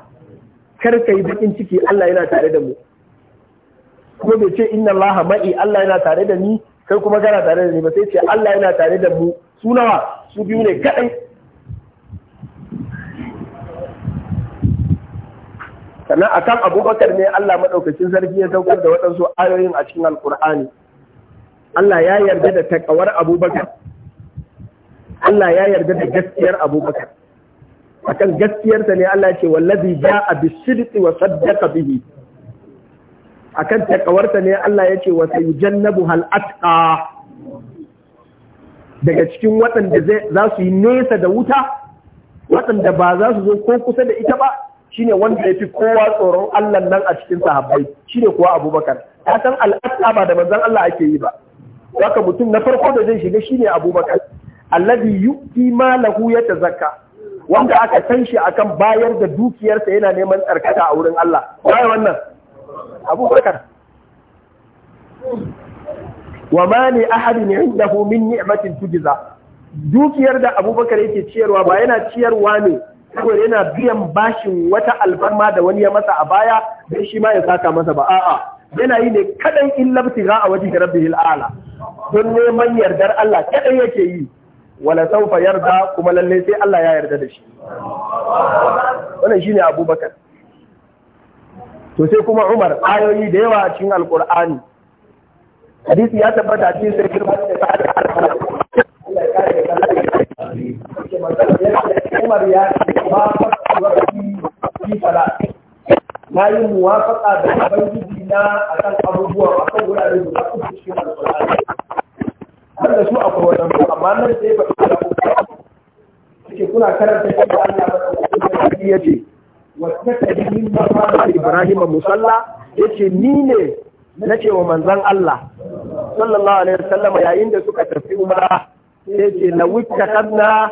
kar kai bakin ciki Allah yana tare da mu kuma bai ce inna allaha ma'i Allah yana tare da ni kai kuma kana tare da ni ba sai ce Allah yana tare da mu su nawa su biyu ne kadai sannan akan abubakar ne Allah maɗaukacin sarki ya saukar da waɗansu ayoyin a cikin Alƙur'ani. Allah ya yarda da takawar abubakar Allah ya yarda da gaskiyar abubakar A kan gaskiyarsa ne Allah ce wallazi ja'a bisidqi wa saddaqa bihi A kan taƙawarsa ne Allah ya ce wa sayujannabu hal atqa daga cikin waɗanda za su yi nesa da wuta waɗanda ba za su zo ko kusa da ita ba shine wanda ya fi kowa tsoron Allah nan a cikin sahabbai shine kuwa Abubakar ya san al'adda ba da manzon Allah ake yi ba haka mutum na farko da zai shiga shine Abubakar lahu yu'ti ta yatazakka wanda aka san shi akan bayar da dukiyarsa yana neman tsarkata a wurin Allah wai wannan Abubakar wa ma ahadin indahu min ni'matin dukiyar da Abubakar yake ciyarwa ba yana ciyarwa ne saboda yana biyan bashin wata alfarma da wani ya masa a baya don shi ma ya saka masa ba a'a yana yi ne kadan illabtiga a wajen rabbihil ala don neman yardar Allah kadan yake yi wala saufa yarda kuma lalle sai Allah ya yarda da shi wannan shine Abubakar to sai kuma Umar ayoyi da yawa cikin Alqur'ani hadisi ya tabbata cikin sai girman da Umar ya wafaka wa fi sala na yi muwafaka da ubangiji na akan abubuwa akan wurare da za su cikin alƙur'ani har da su a wannan ko amma nan sai ba ta da suke kuna karanta shi da Allah ba da yace wa takadimin maqam Ibrahim musalla yace ni ne na ce wa manzan Allah sallallahu alaihi wasallam yayin da suka tafi umra yace la witta kadna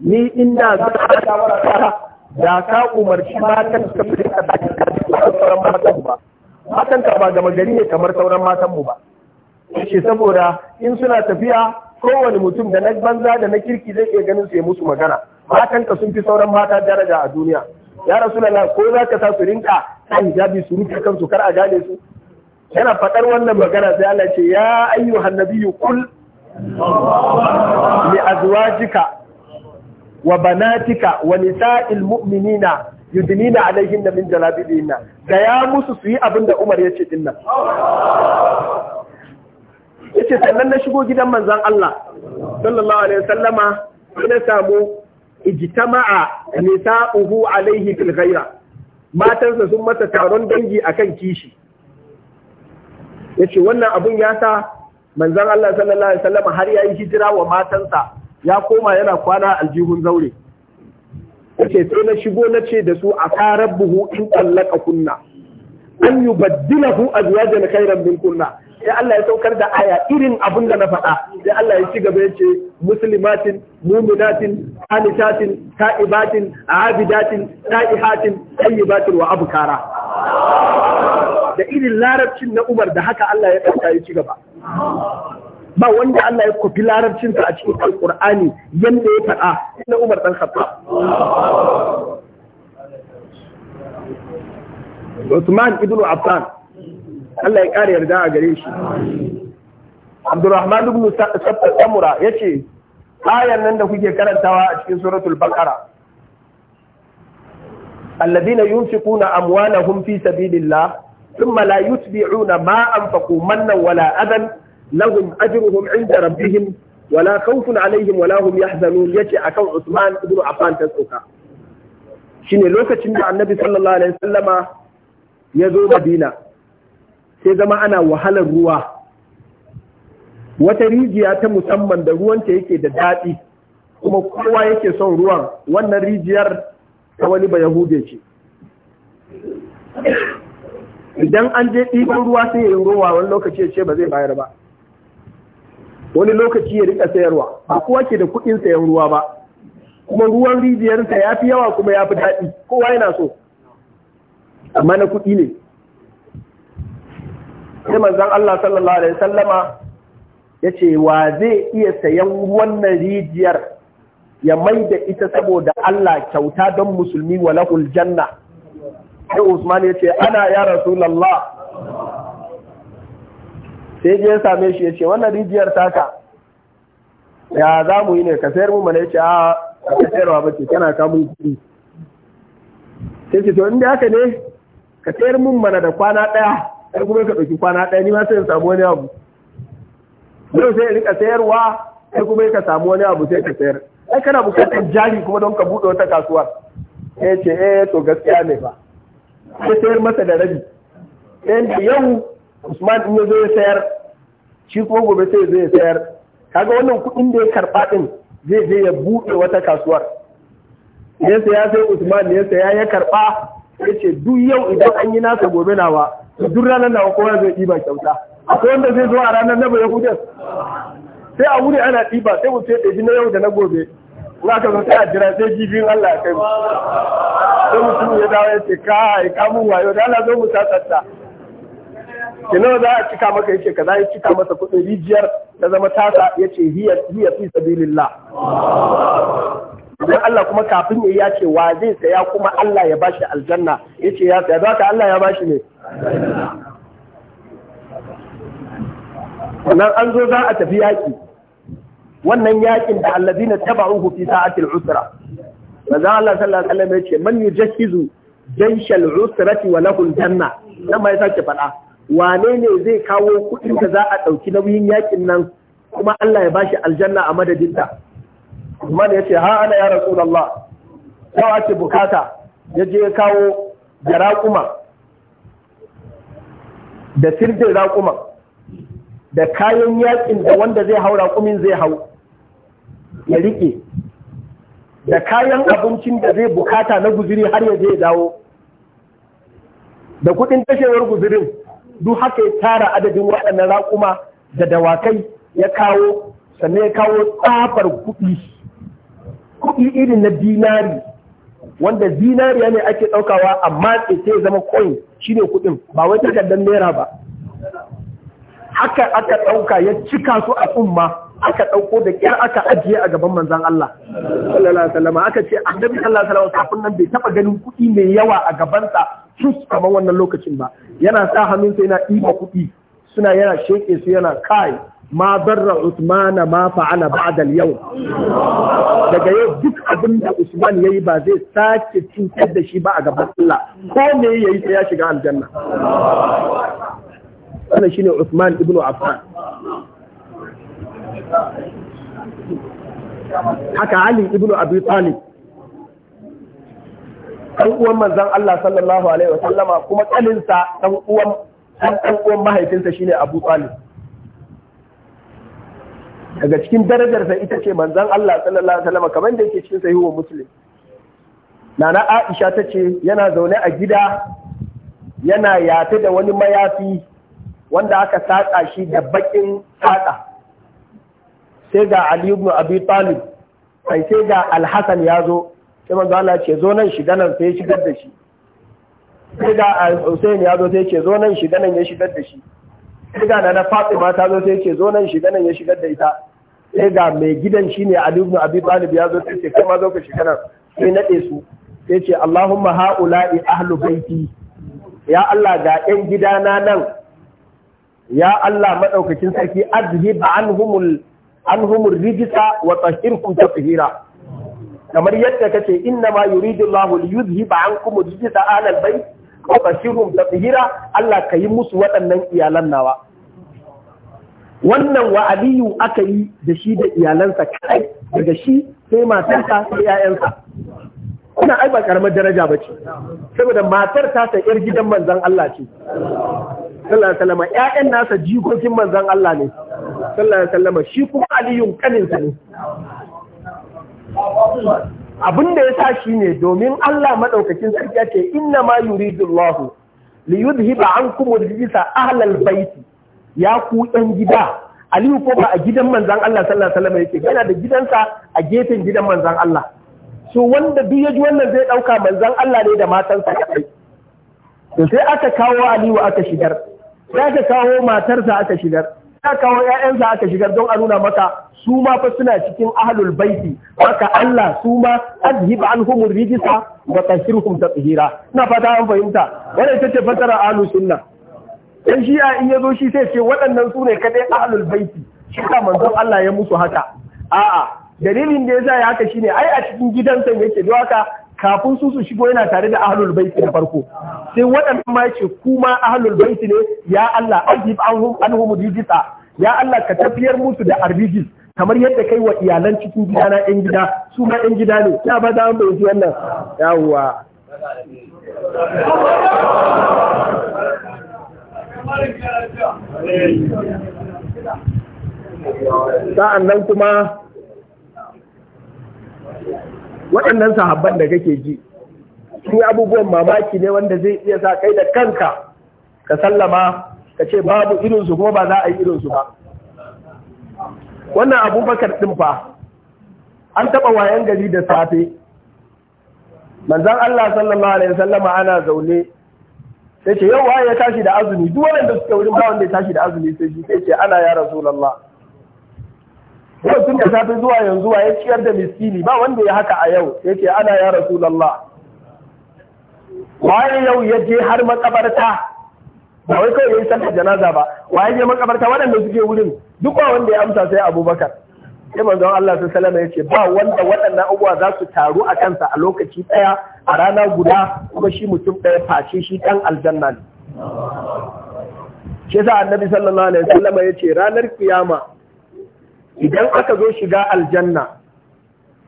ni inda za a shawara ta da ka umarci matan suka fi da ɗaki sauran matan ba matan ka ba gama gari ne kamar sauran matan mu ba shi saboda in suna tafiya kowane mutum da na banza da na kirki zai iya ganin sai musu magana matan ka sun fi sauran mata daraja a duniya ya rasulullah ko za ka sa su rinka sa hijabi su rufe kansu kar a gane su yana faɗar wannan magana sai Allah ce ya ayyuhan nabiyyu kul li azwajika wa banatika wa nisa'il mu'minina yudnina alaihinna min jalabibihinna da ya musu su yi abinda da Umar ya ce yace sannan na shigo gidan manzon Allah sallallahu alaihi wasallama ina samu ijtama'a nisa'uhu alaihi fil ghaira matansa sun mata taron dangi akan kishi yace wannan abun ya sa manzon Allah sallallahu alaihi wasallama har yayi hijira wa matansa ya koma yana kwana aljihun zaure yace sai na shigo na ce da su a karar buhu in tallaka kunna an yi yubaddilahu azwajan khairan min kunna sai Allah ya saukar da aya irin abin da na faɗa sai Allah ya ci gaba ya ce muslimatin muminatin anitatin ta'ibatin abidatin ta'ihatin tayyibatin wa abkara da irin larabcin na Umar da haka Allah ya ɗauka ya ci gaba ba wanda Allah ya kofi larabcinsa a cikin alkur'ani yadda ya faɗa na Umar ɗan Khattab Usman ibn Affan Allah ya ƙara yarda a gare shi Abdurrahman ibn Sabta Samura yace ayar nan da kuke karantawa a cikin suratul Baqara الذين ينفقون أموالهم في سبيل الله ثم لا يتبعون ما أنفقوا منا ولا أذن lahum ajruhum inda rabbihim wala khawfun alaihim wala hum yahzanun yace akan Usman ibn Affan ta tsoka shine lokacin da Annabi sallallahu alaihi wasallama ya zo Madina sai zama ana wahalar ruwa wata rijiya ta musamman da ruwanta yake da daɗi kuma kowa yake son ruwan wannan rijiyar ta wani ba Yahude ce idan an je ɗiban ruwa sai ya yi ruwa wani lokaci ya ce ba zai bayar ba wani lokaci ya rika sayarwa ba kowa ke da kuɗin sayan ruwa ba kuma ruwan rijiyarsa ya fi yawa kuma ya fi daɗi kowa yana so amma na kuɗi ne sai manzon Allah sallallahu alaihi sallama ya ce wa zai iya sayan wannan rijiyar ya mai da ita saboda Allah kyauta don musulmi wa lahul janna sai Usman ya ce ana ya Rasulallah sai je ya same shi ya ce wannan rijiyar taka ya za mu yi ne ka sayar mu mana ya ce a ka sayarwa ba ce kana kamun kuɗi sai ce to inda haka ne ka sayar mun mana da kwana ɗaya sai kuma ka ɗauki kwana ɗaya ni ma sai in samu wani abu yau sai in rika sayarwa sai kuma ka samu wani abu sai ka sayar ai kana bukatar jari kuma don ka buɗe wata kasuwa sai ce eh to gaskiya ne ba sai sayar masa da rabi sai da yau Usman in ya zo ya sayar shi kuma gobe sai zai sayar kaga wannan kuɗin da ya karɓa din, zai je ya buɗe wata kasuwar ya saya sai Usman ya saya ya karɓa ya ce duk yau idan an yi nasa gobe nawa duk ranar nawa kowa zai ɗiba kyauta akwai wanda zai zo a ranar na bayan hujjar sai a wuri ana ɗiba sai mu sai ɗabi na yau da na gobe in ka zo sai a jira sai jibin Allah ya kai mu sai mutum ya dawo ya ce kai kamun wayo da Allah zo mu sasanta ke nawa za a cika maka yace kaza ya cika masa kudin rijiyar ta zama tasa yace hiya hiya fi sabilillah dan Allah kuma kafin ya ce wa zai saya kuma Allah ya bashi aljanna yace ya saya za ka Allah ya bashi ne wannan an zo za a tafi yaki wannan yakin da alladina taba'uhu fi sa'atil usra manzo Allah sallallahu alaihi wasallam yace man yujahhizu jayshal usrati wa lahu aljanna nan ma ya ke faɗa wane ne zai kawo kuɗin da za a ɗauki nauyin yakin nan kuma Allah ya bashi aljanna a madadinta Usman ya ce ha ana ya Rasulullah yau ake bukata ya je ya kawo da raƙuma da sirrin raƙuma da kayan yakin da wanda zai hau raƙumin zai hau ya riƙe da kayan abincin da zai bukata na guziri har ya je ya dawo da kuɗin tashewar guzirin duk haka ya tara adadin waɗannan raƙuma da dawakai ya kawo sannan ya kawo tsafar kuɗi kuɗi irin na dinari wanda dinari ne ake ɗaukawa amma sai ya zama coin shine kuɗin ba wai takardar naira ba haka aka ɗauka ya cika su a tsumma aka ɗauko da ƙyar aka ajiye a gaban manzan Allah sallallahu alaihi aka ce annabi sallallahu alaihi kafin nan bai taɓa ganin kuɗi mai yawa a gabansa sus kamar wannan lokacin ba yana sa hannunsa yana ɗiba kuɗi suna yana sheƙe su yana kai ma barra Usmana ma fa'ala ba'da yau daga yau duk abin da Usman yayi ba zai sake cutar da shi ba a gaban Allah ko me yayi sai ya shiga aljanna wannan shine Usman ibnu Affan haka Ali ibn Abi Talib ɗan uwan manzon Allah sallallahu alaihi wa sallama kuma kalinsa dan uwan dan uwan mahaifinsa shine Abu Talib daga cikin darajarsa ita ce manzon Allah sallallahu alaihi wa sallama kamar da yake cikin sahihu Muslim Nana Aisha ta ce yana zaune a gida yana yata da wani mayafi wanda aka saƙa shi da bakin saƙa sai ga Ali ibn Abi Talib sai sai ga Al-Hasan ya zo sai manzo Allah ce zo nan shiga nan sai shigar da shi sai ga Hussein ya zo sai ce zo nan shiga nan ya shigar da shi sai ga Nana Fatima ta zo sai ce zo nan shiga nan ya shigar da ita sai ga mai gidan shine Ali ibn Abi Talib ya zo sai ce kai ma zo ka shiga nan sai nade su sai ce Allahumma haula'i ahlu baiti ya Allah ga 'yan gidana nan ya Allah madaukakin sarki azhib anhumul An humur rijisa wa tahhirhum tatheera kamar yadda kace inna ma yuridu Allahu kuma ankum rijsa bai bait wa tahhirhum tatheera Allah kayi musu waɗannan iyalan nawa wannan wa aliyu aka yi da shi da iyalansa kai daga shi sai matarsa sai 'ya'yansa kuna ai ba karamar daraja ba ce saboda matar ta ta yar gidan manzon Allah ce sallallahu alaihi wasallam ƴaƴan nasa jikokin manzon Allah ne sallallahu alaihi wasallam shi kuma aliyun kaninsa ne abin ya sa shi ne domin Allah maɗaukacin sarki yake inna ma yuridullahu li yudhiba ankum rijsa ahlal baiti ya ku ɗan gida Aliyu ko ba a gidan manzan Allah sallallahu alaihi wasallam yake yana da gidansa a gefen gidan manzan Allah so wanda duk ya wannan zai ɗauka manzan Allah ne da matansa kai? to sai aka kawo Aliyu aka shigar sai aka kawo matarsa aka shigar ya kawo 'ya'yansa aka shigar don a nuna maka su ma fa suna cikin ahlul baiti haka Allah su ma azhib anhum rijsa wa tahhirhum tatheera fata an fahimta wannan ita ce fasara ahlus sunna dan shi'a in yazo shi sai ce waɗannan su ne kadai ahlul baiti shi ka manzon Allah ya musu haka a'a dalilin da yasa ya haka shine ai a cikin gidansa yake don haka kafin su su shigo yana tare da ahlul baiti da farko sai waɗannan ma yace kuma ahlul baiti ne ya Allah ajib anhum anhum rijisa ya Allah ka tafiyar musu da arbiji kamar yadda kai wa iyalan cikin gida na gida su ma yan gida ne ya ba da mu wannan yawwa sa'an nan kuma waɗannan sahabban da kake ji sun yi abubuwan mamaki ne wanda zai iya sa kai da kanka ka sallama ka ce babu irinsu ko ba za a yi irinsu ba wannan abubakar ɗin fa an taɓa wayan gari da safe manzan Allah sallallahu alaihi sallama ana zaune sai ce yau waye ya tashi da azumi duk wanda suke wurin ba wanda ya tashi da azumi sai sai ce ana ya rasulullah yau tun da safe zuwa yanzu ya ciyar da miskini ba wanda ya haka a yau yace ana ya rasulullah waye yau ya je har makabarta ba wai kawai ya yi sallar janaza ba ya je makabarta waɗanda suke wurin duk wanda ya amsa sai Abubakar sai manzon Allah sun salama ya ce ba wanda waɗannan abubuwa za su taru a kansa a lokaci ɗaya a rana guda kuma shi mutum ɗaya face shi ɗan aljanna ne. Shi sa annabi sallallahu alaihi wasallam ya ce ranar kiyama idan aka zo shiga aljanna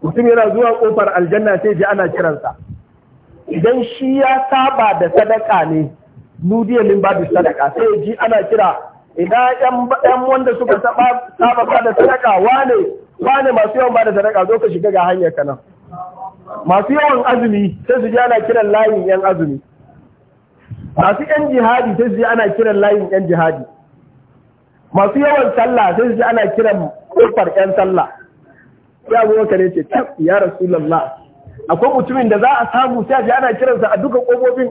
mutum yana zuwa kofar aljanna sai ji ana kiransa idan shi ya saba da sadaka ne nudiya min babu sadaka sai ji ana kira ina yan wanda suka saba ba da sadaka wane wane masu yawan ba da sadaka zo ka shiga ga hanyar ka nan masu yawan azumi sai su ji ana kiran layin yan azumi masu yan jihadi sai su ji ana kiran layin yan jihadi masu yawan sallah sai su ji ana kiran kofar ‘yan sallah ya abu bakar ne ce tab ya rasulallah akwai mutumin da za a samu sai a ji ana kiransa a duka kofofin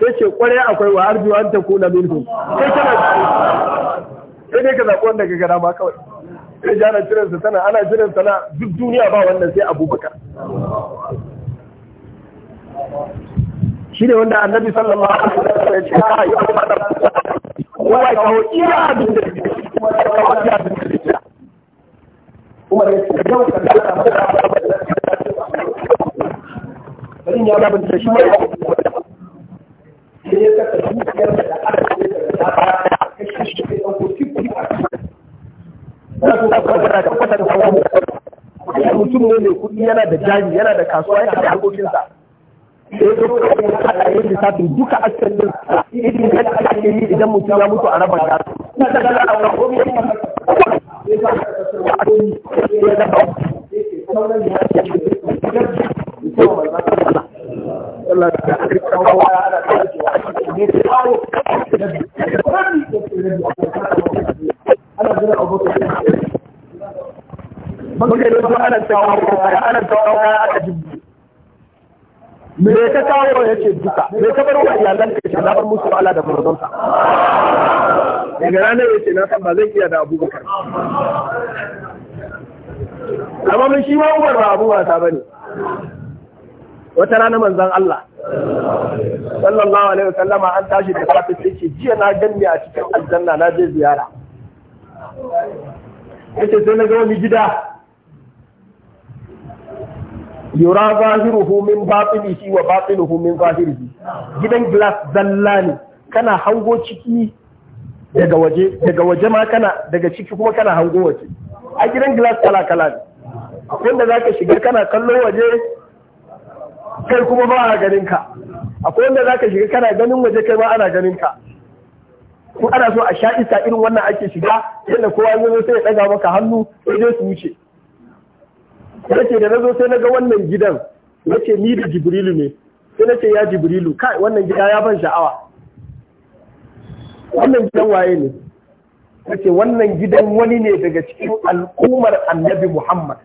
sai ce kwarai akwai wa arju an ta kuna minhum sai kana sai dai ka zaɓi wanda ka gada ma kawai sai ji ana kiransa tana ana kiransa na duk duniya ba wannan sai abubakar shi ne wanda annabi sallallahu alaihi wasallam ya ce ka yi kowa ya kawo iya abin da ya kawo iya abin da umar ya ce yau kan da ana bari ya ba banta shi mai sai ya kasa dukiyar da aka ce da ba ka shi shi ke dauko tipi a kan wato ka kwata da kwata da hawa ya mutum ne mai kuɗi yana da jari yana da kasuwa yana da harkokinsa sai ya zo kuma yi hada yin lissafin duka asalin irin yadda ake yi idan mutum ya mutu a raba gasa. Na ta gana a wani Ana kai lokacin ana tsawon ana tsawon aka jibbi. me ka kawo ya ce duka me ka bar wa iyalan ka ce na bar musu ala da manzonsa daga ranar ya ce na san ba zan iya da abubakar amma mun shi ma umar ba abu wasa bane wata rana manzon Allah sallallahu alaihi wasallama an tashi da safe sai ce jiya na ganni a cikin aljanna na je ziyara yace sai na ga wani gida yura zahiruhu min batinihi wa batinuhu min zahirihi gidan glass zalla ne kana hango ciki daga waje daga waje ma kana daga ciki kuma kana hango waje a gidan glass kala kala ne akwai wanda zaka shiga kana kallo waje kai kuma ba a ganin ka akwai wanda zaka shiga kana ganin waje kai ma ana ganin ka ko ana so a sha'isa irin wannan ake shiga yadda kowa yanzu sai ya daga maka hannu sai dai su wuce yace da nazo sai naga wannan gidan ce ni da Jibrilu ne sai nace ya Jibrilu kai wannan gida ya ban sha'awa wannan gidan waye ne yace wannan gidan wani ne daga cikin al'ummar Annabi Muhammad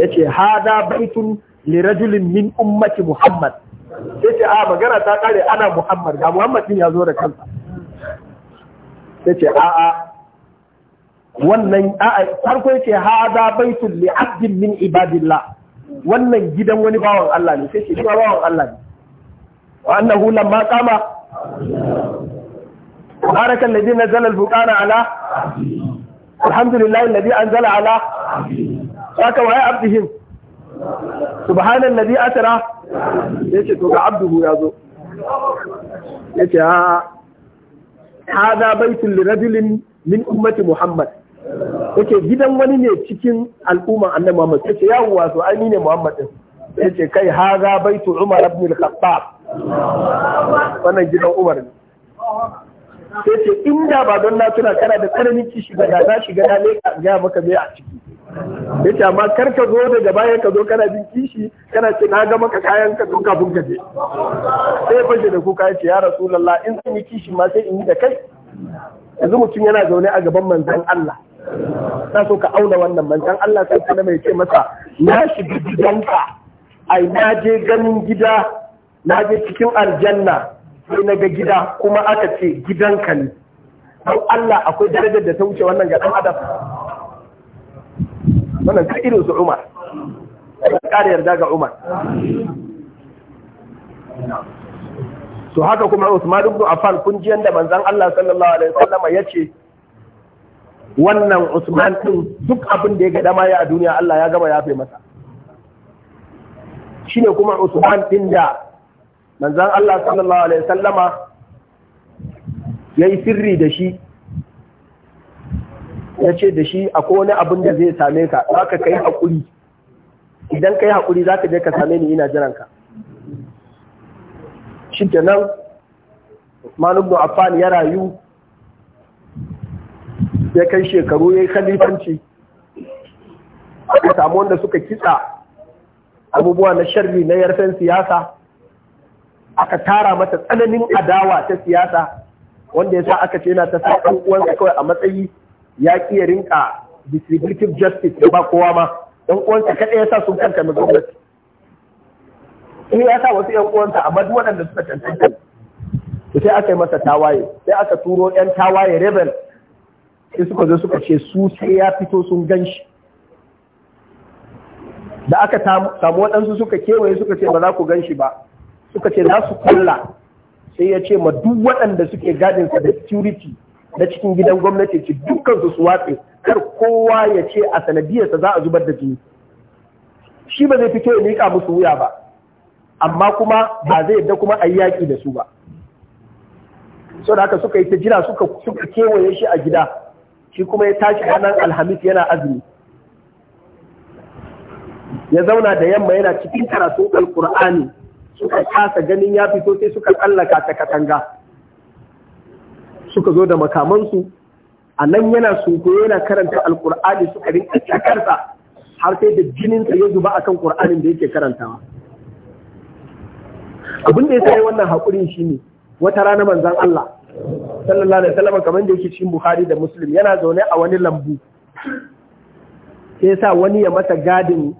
yace hada baitun li rajulin min ummati Muhammad yace a ah, magana ta kare ana Muhammad ga Muhammad din ya zo da kansa yace a a wannan farko yace hada baitul li abdin min ibadillah wannan gidan wani bawan Allah ne sai shi ma bawan Allah ne wa annahu lamma qama baraka alladhi nazala al-furqana ala alhamdulillahi alladhi anzala ala saka wa ya abdihim subhanan ladhi asra yace to ga abduhu yazo yace ha hada baitul li rajulin min ummati muhammad yake gidan wani ne cikin al'umma annabi Muhammad sai ce yawo wato ai ni ne Muhammad din sai ce kai haza baitu Umar ibn al-Khattab wannan gidan Umar ne sai ce inda ba don na tuna kana da tsananin kishi ga na shiga na leka ga maka bai a ciki ce amma kar ka zo daga bayan ka zo kana jin kishi kana ce na ga maka kayan ka tun kafin ka je sai fashe da kuka ya ce ya rasulullah in zan yi kishi ma sai in yi da kai yanzu mutum yana zaune a gaban manzon Allah na so ka auna wannan manzan Allah sai kuma mai ce masa na shiga gidanka ai na je ganin gida na je cikin aljanna sai na ga gida kuma aka ce gidanka ne don Allah akwai darajar da ta wuce wannan ga dan adam wannan ka irin su Umar ƙara yarda ga Umar to haka kuma Usman ibn Affan kun ji yanda manzon Allah sallallahu alaihi wasallam yace wannan Usman din duk abin da ya gada ma ya a duniya Allah ya gama yafe masa shine kuma Usman din da manzan Allah sallallahu alaihi wasallama yi sirri da shi ya ce da shi akwai wani abin da zai same ka za ka kai haƙuri idan ka yi haƙuri za ka je ka same ni ina jiran ka shi kenan Usman ibn Affan ya rayu ya kai shekaru ya yi khalifanci ya samu wanda suka kitsa abubuwa na sharri na yarfen siyasa aka tara mata tsananin adawa ta siyasa wanda ya sa aka ce yana ta sa ɗan uwansa kawai a matsayi ya ƙi ya rinka distributive justice da ba kowa ma ɗan uwansa kaɗai ya sa sun kanta na gwamnati in ya sa wasu ‘yan uwansa amma duk waɗanda suka cancanta su sai aka yi masa tawaye sai aka turo ƴan tawaye rebel sai suka zo suka ce su sai ya fito sun gan shi da aka samu waɗansu suka kewaye suka ce ba za ku gan shi ba suka ce za su kulla sai ya ce ma duk waɗanda suke gadinsa da security na cikin gidan gwamnati ce dukkan su su watse kar kowa ya ce a sanadiyarsa za a zubar da jini shi ba zai fito ya miƙa musu wuya ba amma kuma ba zai yadda kuma a yaƙi da su ba Sau da haka suka yi ta jira suka kewaye shi a gida shi kuma ya tashi ranar alhamis yana azumi ya zauna da yamma yana cikin karatun alkur'ani suka kasa ganin ya fito sai suka tsallaka ta katanga suka zo da makamansu a nan yana sunko yana karanta alkur'ani suka rinka cakarsa har sai da jininsa ya zuba akan kur'anin da yake karantawa abin da ya sai wannan haƙurin shine wata rana manzan Allah sallallahu alaihi wasallam kamar da yake cikin Bukhari da Muslim yana zaune a wani lambu sai sa wani ya masa gadin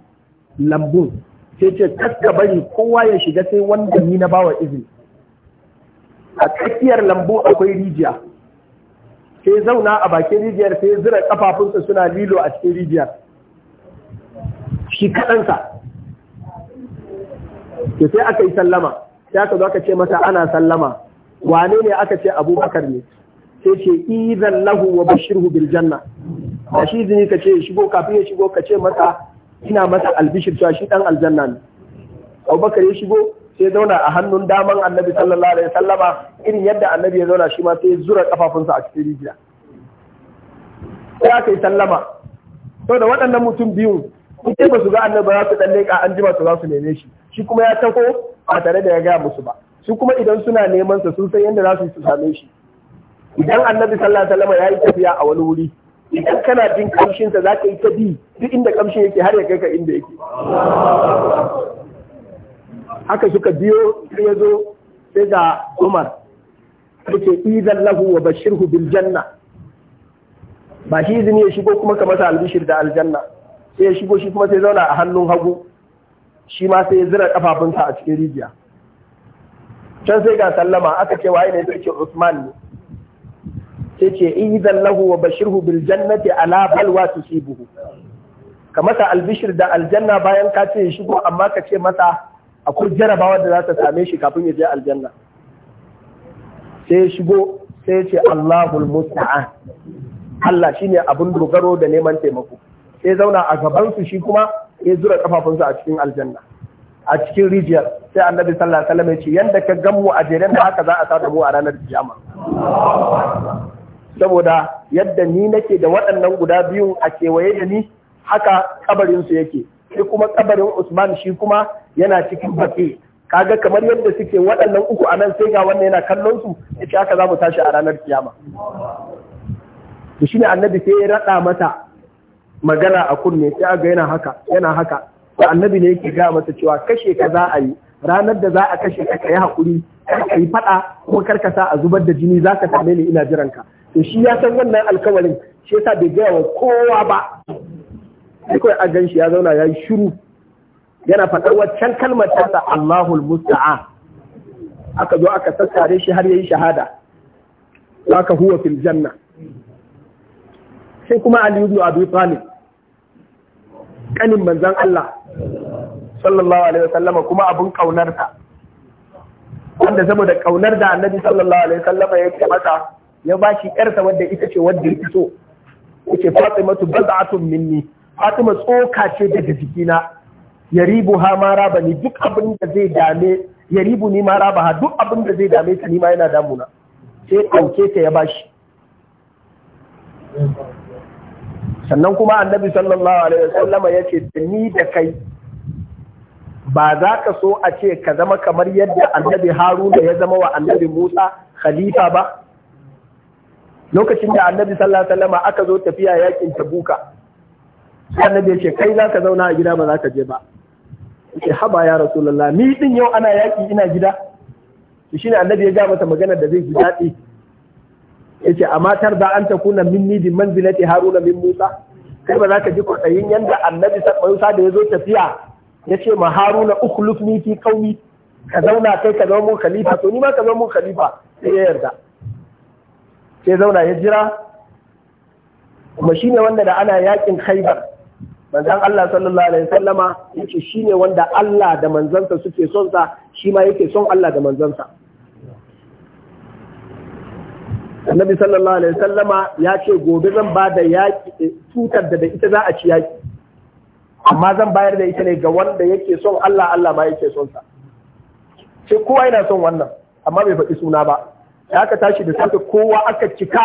lambun sai ce kaska bari kowa ya shiga sai wanda ni na bawa izini a tsakiyar lambu akwai rijiya sai zauna a bakin rijiyar sai zira kafafunsa suna lilo a cikin rijiyar shi kaɗansa to sai aka yi sallama sai aka zo aka ce masa ana sallama wane ne aka ce abubakar ne sai ce izan lahu wa bashirhu bil janna da shi zini ka ce shigo kafin ya shigo ka ce masa ina masa albishir cewa shi dan aljanna ne abubakar ya shigo sai zauna a hannun daman annabi sallallahu alaihi sallama irin yadda annabi ya zauna shi ma sai zura kafafunsa a cikin rijiya sai aka yi sallama to da waɗannan mutum biyu in ba su ga annabi za su ɗan leƙa an jima su za su neme shi shi kuma ya tako ba tare da ya gaya musu ba su kuma idan suna neman sa sun san yadda za su same shi idan annabi sallallahu alaihi wasallam ya yi tafiya a wani wuri idan kana jin kamshin sa zaka yi ta duk inda kamshin yake har ya kai ka inda yake haka suka biyo sai ya zo sai ga Umar yake idan lahu wa bashirhu bil janna ba shi izini ya shigo kuma ka masa albishir da aljanna sai ya shigo shi kuma sai zauna a hannun hagu shi ma sai ya zira kafafunsa a cikin rijiya can sai ga sallama aka ce waye ne sarkin Usman ne sai ce idan lahu wa bashirhu bil jannati ala balwa tusibuhu ka masa albishir da aljanna bayan ka ce shigo amma ka ce masa akwai jarabawa da za ta same shi kafin ya je aljanna sai shigo sai ce Allahul musta'an Allah shine abin dogaro da neman taimako sai zauna a gaban su shi kuma ya zura kafafunsa a cikin aljanna a cikin rijiyar sai annabi sallallahu alaihi wasallam ya ce yanda ka gan a jere da haka za a sa mu a ranar kiyama saboda yadda ni nake da waɗannan guda biyu a kewaye da ni haka kabarin su yake sai kuma kabarin Usman shi kuma yana cikin baki kaga kamar yadda suke waɗannan uku a nan sai ga wannan yana kallon su yace haka za mu tashi a ranar kiyama to shine annabi sai ya rada mata magana a kunne sai aga yana haka yana haka annabi ne yake ga masa cewa kashe ka za a yi ranar da za a kashe ka yi haƙuri ka yi faɗa ko karkasa a zubar da jini za ka same ni ina jiran ka to shi ya san wannan alkawarin shi yasa bai gaya wa kowa ba sai kawai a gan shi ya zauna ya yi shiru yana fadar waccan kalmar ta Allahul Musta'a aka zo aka sassare shi har yayi shahada ka huwa fil janna sai kuma Ali ibn Abi Talib kanin manzon Allah sallallahu alaihi wasallama kuma abun kaunarsa wanda saboda kaunar da annabi sallallahu alaihi wasallama ya ce masa ya ba shi ƴarsa wadda ita ce wadda ya so yace fatimatu baz'atun minni fatima tsoka ce daga jikina yaribu ha ma raba ni duk abin da zai dame yaribu ni ma raba ha duk abin da zai dame ta ni ma yana damuna sai ɗauke ta ya bashi sannan kuma annabi sallallahu alaihi wasallama yake ni da kai ba za ka so a ce ka zama kamar yadda annabi haruna ya zama wa annabi musa khalifa ba lokacin da annabi sallallahu alaihi wasallam aka zo tafiya yakin tabuka annabi ya ce kai za ka zauna a gida ba za ka je ba ce haba ya rasulullah ni din yau ana yaki ina gida to shine annabi ya ga mata maganar da zai ji daɗi yace amma tar da an takuna minni bi manzilati haruna min musa kai ba za ka ji kwaɗayin yadda annabi musa da ya zo tafiya ya ce ma haruna ni fi qaumi ka zauna kai ka zama mun khalifa to ni ma ka zama mun khalifa sai ya yarda sai zauna ya jira kuma shine wanda da ana yakin khaibar manzon Allah sallallahu alaihi wasallama yace shine wanda Allah da manzansa suke son sa shi ma yake son Allah da manzansa Annabi sallallahu alaihi wasallama ya ce gobe zan ba da yaki tutar da ita za a ci yaki amma zan bayar da ita ne ga wanda yake son Allah Allah ma yake son sa sai kowa yana son wannan amma bai faɗi suna ba Ya aka tashi da safe kowa aka cika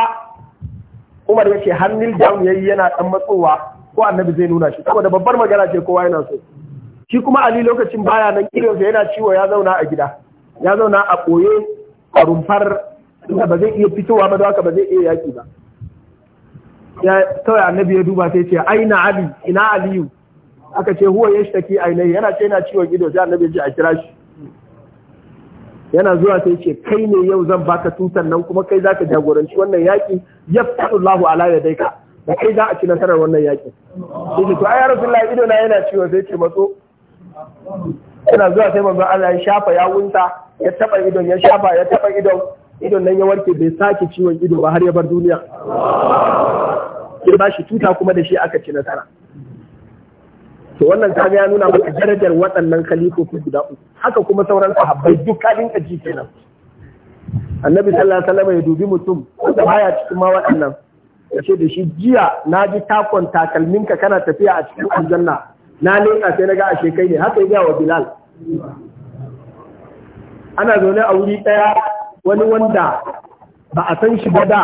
Umar yake hannun down yayi yana dan matsowa ko annabi zai nuna shi saboda babbar magana ce kowa yana so shi kuma Ali lokacin baya nan kiransa yana ciwo ya zauna a gida ya zauna a ɓoye a rumfar inda ba zai iya fitowa ba don haka ba zai iya yaki ba ya kawai annabi ya duba sai ce aina ali ina aliyu aka ce huwa yashtaki ainihi yana ce yana ciwon ido sai annabi ji a kira shi yana zuwa sai ce kai ne yau zan baka tutan nan kuma kai zaka jagoranci wannan yaki lahu ala ka da kai za a ci nasarar wannan yakin sai to ai rasulullahi ido na yana ciwo sai ce matso yana zuwa sai manzo Allah ya shafa wunta ya taba idon ya shafa ya taba idon idon nan ya warke bai sake ciwon ido ba har ya bar duniya ya ba shi tuta kuma da shi aka ci nasara to wannan ka ya nuna maka darajar waɗannan kalifofi guda uku haka kuma sauran sahabbai duk kadin kaji kenan annabi sallallahu alaihi wasallam ya dubi mutum da baya cikin ma waɗannan ya ce da shi jiya na ji takon takalminka kana tafiya a cikin aljanna na leƙa sai na ga ashe kai ne haka ya wa bilal ana zaune a wuri ɗaya wani wanda ba a san shi ba da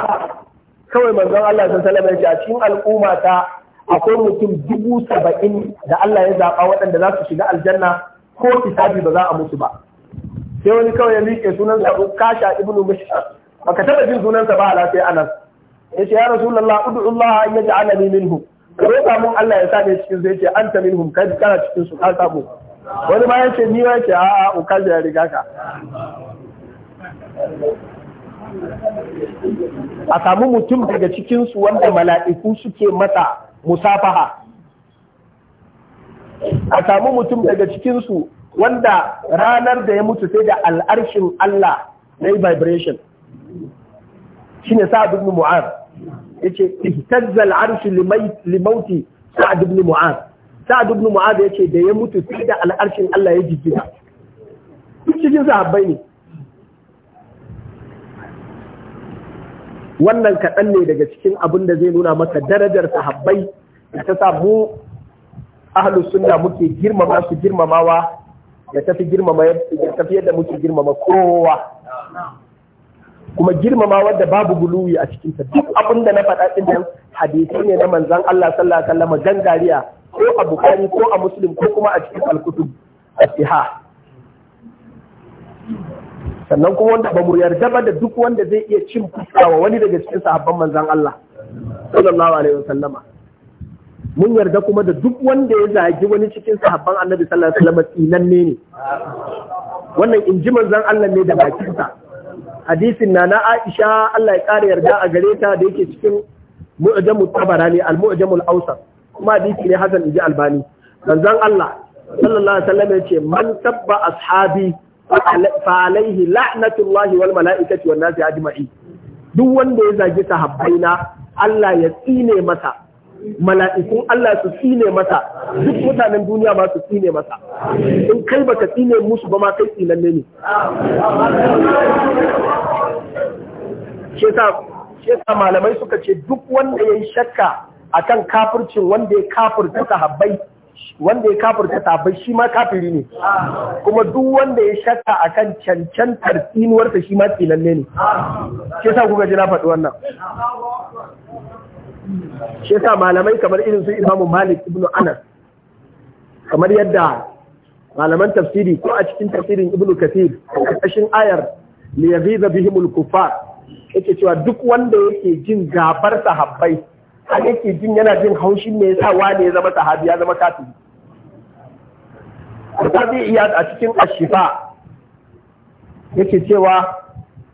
kawai manzon Allah sallallahu alaihi wasallam ya ce a cikin al'umma ta akwai mutum dubu saba'in da Allah ya zaɓa waɗanda za su shiga aljanna ko hisabi ba za a musu ba sai wani kawai ya liƙe sunansa sabu Kasha ibnu mishar baka taɓa jin sunansa ba ala sai Anas ce ya Rasulullah ud'u Allah an yaj'alani minhu ka zo samun Allah ya sa ni cikin zai ce anta minhum kai kana cikin su ka samu wani ma ya ce ni ce a'a ukaja ya riga ka a samu mutum daga cikinsu wanda mala'iku suke mata musafaha a samu mutum daga cikinsu wanda ranar da ya mutu sai da al'arshin Allah na yi vibration shi ne sa'ad ibn mu'ar ya ce ihtazzal arshi limauti sa'ad ibn mu'ar sa'ad ibn mu'ar ya ce da ya mutu sai da al'arshin Allah ya jijjiga cikin sahabbai ne wannan kaɗan ne daga cikin abin da zai nuna maka darajar sahabbai da ta mu ahlu sunna muke girmama su girmamawa da tafi girmama ya tafi yadda muke girmama kowa kuma girmama wadda babu guluwi a cikin ta duk abin da na faɗa din hadisi ne na manzon Allah sallallahu alaihi wasallam gangariya ko a bukari ko a Muslim ko kuma a cikin al a as-sihah sannan kuma wanda ba mu yarda ba da duk wanda zai iya cin fuska wa wani daga cikin sahabban manzan Allah sallallahu alaihi wasallama mun yarda kuma da duk wanda ya zagi wani cikin sahabban Annabi sallallahu alaihi wasallama tsinanne ne wannan in ji manzan Allah ne da bakinsa hadisin na na Aisha Allah ya kare yarda a gare ta da yake cikin mu'jamut tabarani al-mu'jamul awsat kuma hadisi ne Hassan inji Albani manzan Allah sallallahu alaihi wasallama ya ce man tabba ashabi falaihi la'natullahi wal mala'ikati wan nasi duk wanda ya zagi sahabbaina Allah ya tsine masa mala'ikun Allah su tsine masa duk mutanen duniya ba su tsine masa in kai baka tsine musu ba ma kai tsinanne ne sa malamai suka ce duk wanda ya yi shakka akan kafircin wanda ya kafirta sahabbai wanda ya kafirta sabai shi ma kafiri ne kuma duk wanda ya shakka akan cancantar tsinuwarsa shi ma tsilalle ne shi sa kuka ji na faɗi wannan shi sa malamai kamar irin su imamu Malik Ibnu Anas kamar yadda malaman tafsiri ko a cikin tafsirin Ibnu Kathir ƙarƙashin ayar li bihimul kufar yake cewa duk wanda yake jin gabar sahabbai a yake jin yana jin haushin me yasa wane ya zama sahabi ya zama kafiri Al-Qadi iya a cikin Ashifa yake cewa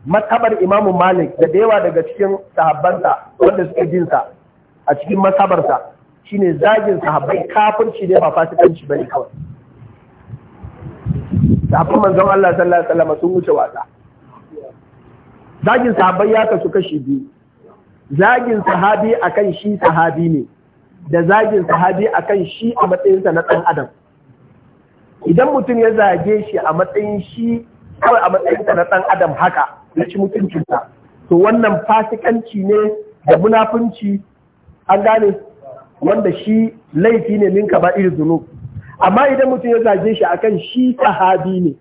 matabar Imam Malik da yawa daga cikin sahabbansa wanda suke jinsa a cikin masabarsa shine zagin sahabbai kafirci ne ba fasikanci bane kawai sahabban manzon Allah sallallahu alaihi wasallam sun wuce wasa zagin sahabbai ya kasu kashi biyu zagin sahabi akan shi sahabi ne da zagin sahabi akan shi a matsayinsa na ɗan adam idan mutum ya zage shi a matsayin shi kawai a matsayinsa na ɗan adam haka ya ci mutuncinsa to wannan fasikanci ne da munafunci an gane wanda shi laifi ne ninka ba iri zunub amma idan mutum ya zage shi akan shi sahabi ne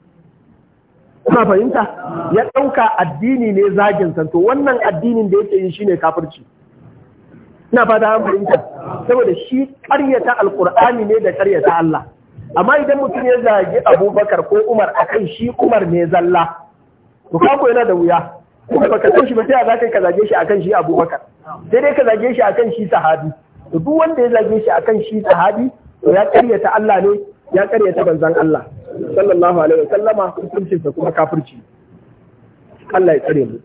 kuna fahimta ya ɗauka addini ne zagin santo wannan addinin da yake yi shine kafirci ina fata an fahimta saboda shi ƙaryata alƙur'ani ne da ƙaryata Allah amma idan mutum ya zagi Abubakar ko Umar akan shi Umar ne zalla to ko yana da wuya kuma baka san shi ba sai za ka zage shi akan shi Abubakar sai dai ka zage shi akan shi sahabi to duk wanda ya zage shi akan shi sahabi to ya ƙaryata Allah ne ya ƙaryata banzan Allah sallallahu alaihi wasallama sa kuma kafirci Allah ya tsare mu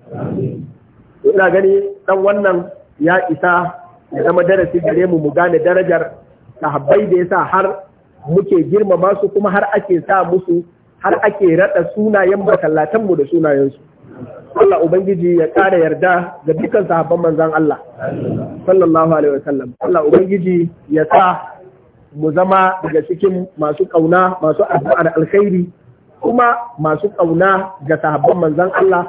ina gani dan wannan ya isa ya zama darasi gare mu mu gane darajar sahabbai da yasa har muke girmama su kuma har ake sa musu har ake rada sunayen bakallatan mu da sunayen su Allah ubangiji ya ƙara yarda ga dukkan sahabban manzon Allah sallallahu alaihi wasallam Allah ubangiji ya sa mu zama daga cikin masu ƙauna masu addu'ar alkhairi kuma masu ƙauna ga sahabban manzon Allah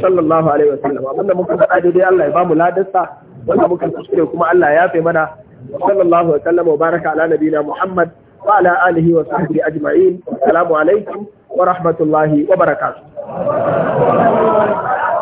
sallallahu alaihi wasallam abinda muka faɗa daidai Allah ya ba mu ladarsa wanda muka kuskure kuma Allah ya yafe mana sallallahu alaihi wasallam wa baraka ala nabina Muhammad wa ala alihi wa sahbihi ajma'in assalamu alaikum wa rahmatullahi wa barakatuh